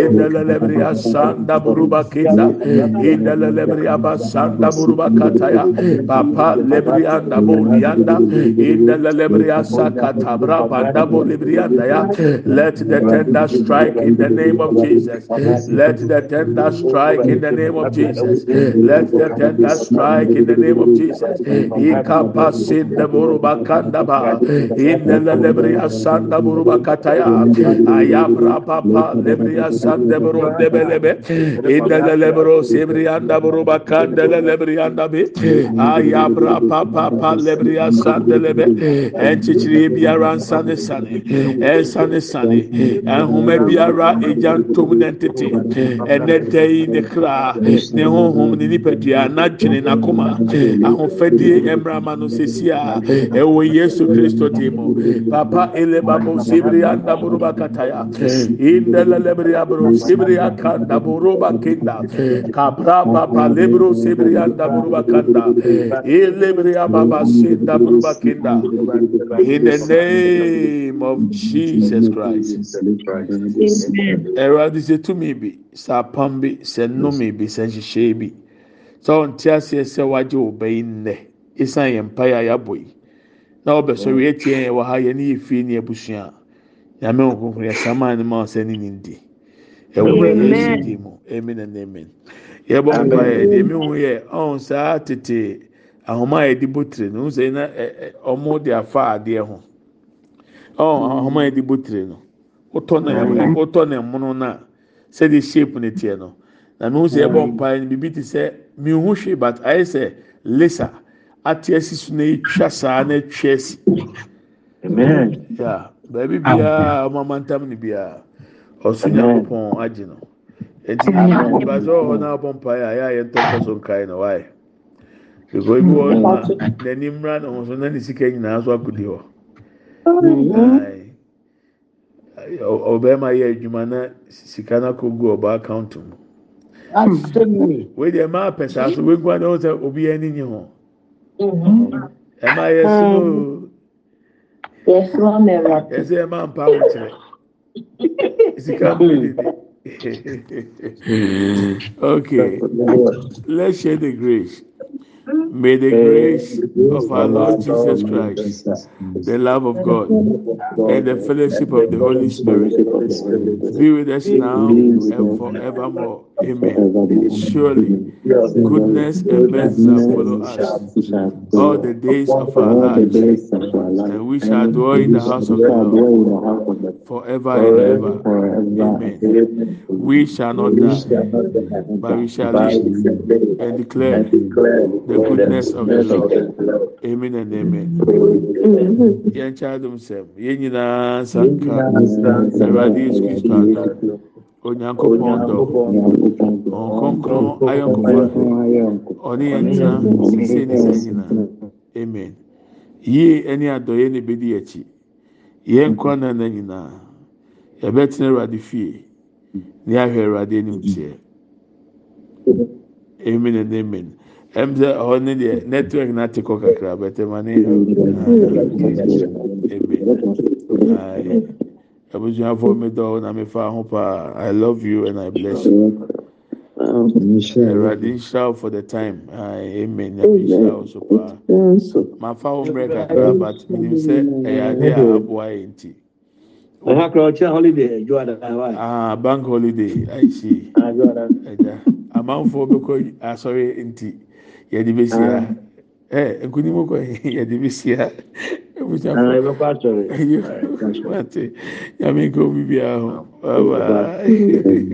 S1: indele lebriya sanda boruba kinda indele lebriya ba sanda boruba kata ya pa pa lebriya let the tender strike in the name of Jesus. Let the tender strike in the name of Jesus. Let the tender strike in the name of Jesus. Ikapasin the Buruba Kandaba, in the Lebria Santa Buruba Ayabra Papa, Lebria Santa Buru in the Lebro Sibrianda Buruba Lebrianda Bit, Ayabra Papa Lebrias. andɛlbɛ ɛnkyekyeree eh, biara nsane sane ɛnsane eh, sane ɛnhoma eh, biara egya ntom dɛntete ɛnɛ dayi ne kraa ne honhom no nipadue a na dyene n'akoma ahofɛdie ɛmmrama no sesie a ɛwɔ yesu kristo dei mu papa elebabsebreandabrobakataa dlalbreabrosreakandaobakea kabababa lebrosbrda ebre ababas In the name of Jesus Christ. Ẹ̀rọ̀dì ṣe tú mi bi, ṣe apam bi, ṣe nú mi bi, ṣe ṣiṣẹ́ bi. Sọ wọn ti ase ẹsẹ wájú ọbẹ yìí nnẹ, esan yẹn mpa yà yà bọ̀ yìí. Na ọbẹ sọ̀rọ̀ yẹ tiẹ̀ yẹn wà ha yẹn ní yẹ fi ní ẹbusua. amen and amen. Yẹ bọ̀ mpa yẹ, èmi hu yẹ, ọ̀hún ahoma a yɛde bɔ tire no nsɛn na ɔmo de afa adeɛ ho ɔn ahoma a yɛde bɔ tire no wotɔ na wotɔ na ɛmono na sɛde shape ne teɛ no na mi nsɛn ɛbɔ mpae no bibi ti sɛ mi ho hwee but ayɛ sɛ laser ate asi so na etwa saa na etwa asi ya baabi biara ɔmo amantam ne biara ɔso nyakopɔn agye no eti baasi wɔ hɔ na abɔ mpae a yɛ a yɛ ntɔ nkɔ so nkae na waayɛ ebi obi wɔ n'ani mmra na wɔn so na ne sika nyinaa so akudi hɔ ɔbɛrima yɛ adwuma na sika na kɔ gu ɔba akaunt mu wei deɛ ɛma apɛ saa so wei gua na ɔsɛ obi yɛ ani nye ho ɛma yɛ slow yɛsɛ ɛma mpa awo kyerɛ sika mu yi de. okay, let's share the grace. May the grace of our Lord Jesus Christ, the love of God, and the fellowship of the Holy Spirit be with us now and forevermore. Amen. Surely, goodness and mercy shall follow us all the days of our lives, and we shall dwell in the house of the Lord forever and ever. Amen. We shall not die, but we shall live and declare the goodness of the Lord. Amen and amen. Yɛn kyadum sɛm, yɛn nyinaa nsa nka, Awurade Yesu Kristo onyankadknkɔn ɛ nena sisen sanyinaa men yie ne adɔeɛ no bɛdi aki yɛnkanoana mm-hmm. nyinaa ɔbɛtena awurade fie neɛhɛ wuaenimkyɛ mnmɛɔn mm-hmm. deɛnetwork mm-hmm. naekɔ kaabɛmnem abusuafoɔ mi dɔw na mi fa ho paa ah, i love you and i bless you.
S3: Awurade nhyira
S1: wo for the time ah, amen nyame nhyira wo so paa mafa wo mmerɛ kakra but menim sɛ ɛyɛ ade a aboa yɛ nti ɛha kora ɔkyerɛ holiday adwo adadawa ah bank holiday ayisi ɛgya amanfoɔ bɛkɔ asɔre nti yɛde bɛsi ha nkunimkɔ yɛde bi sia nyame nka obi biara ho bye bye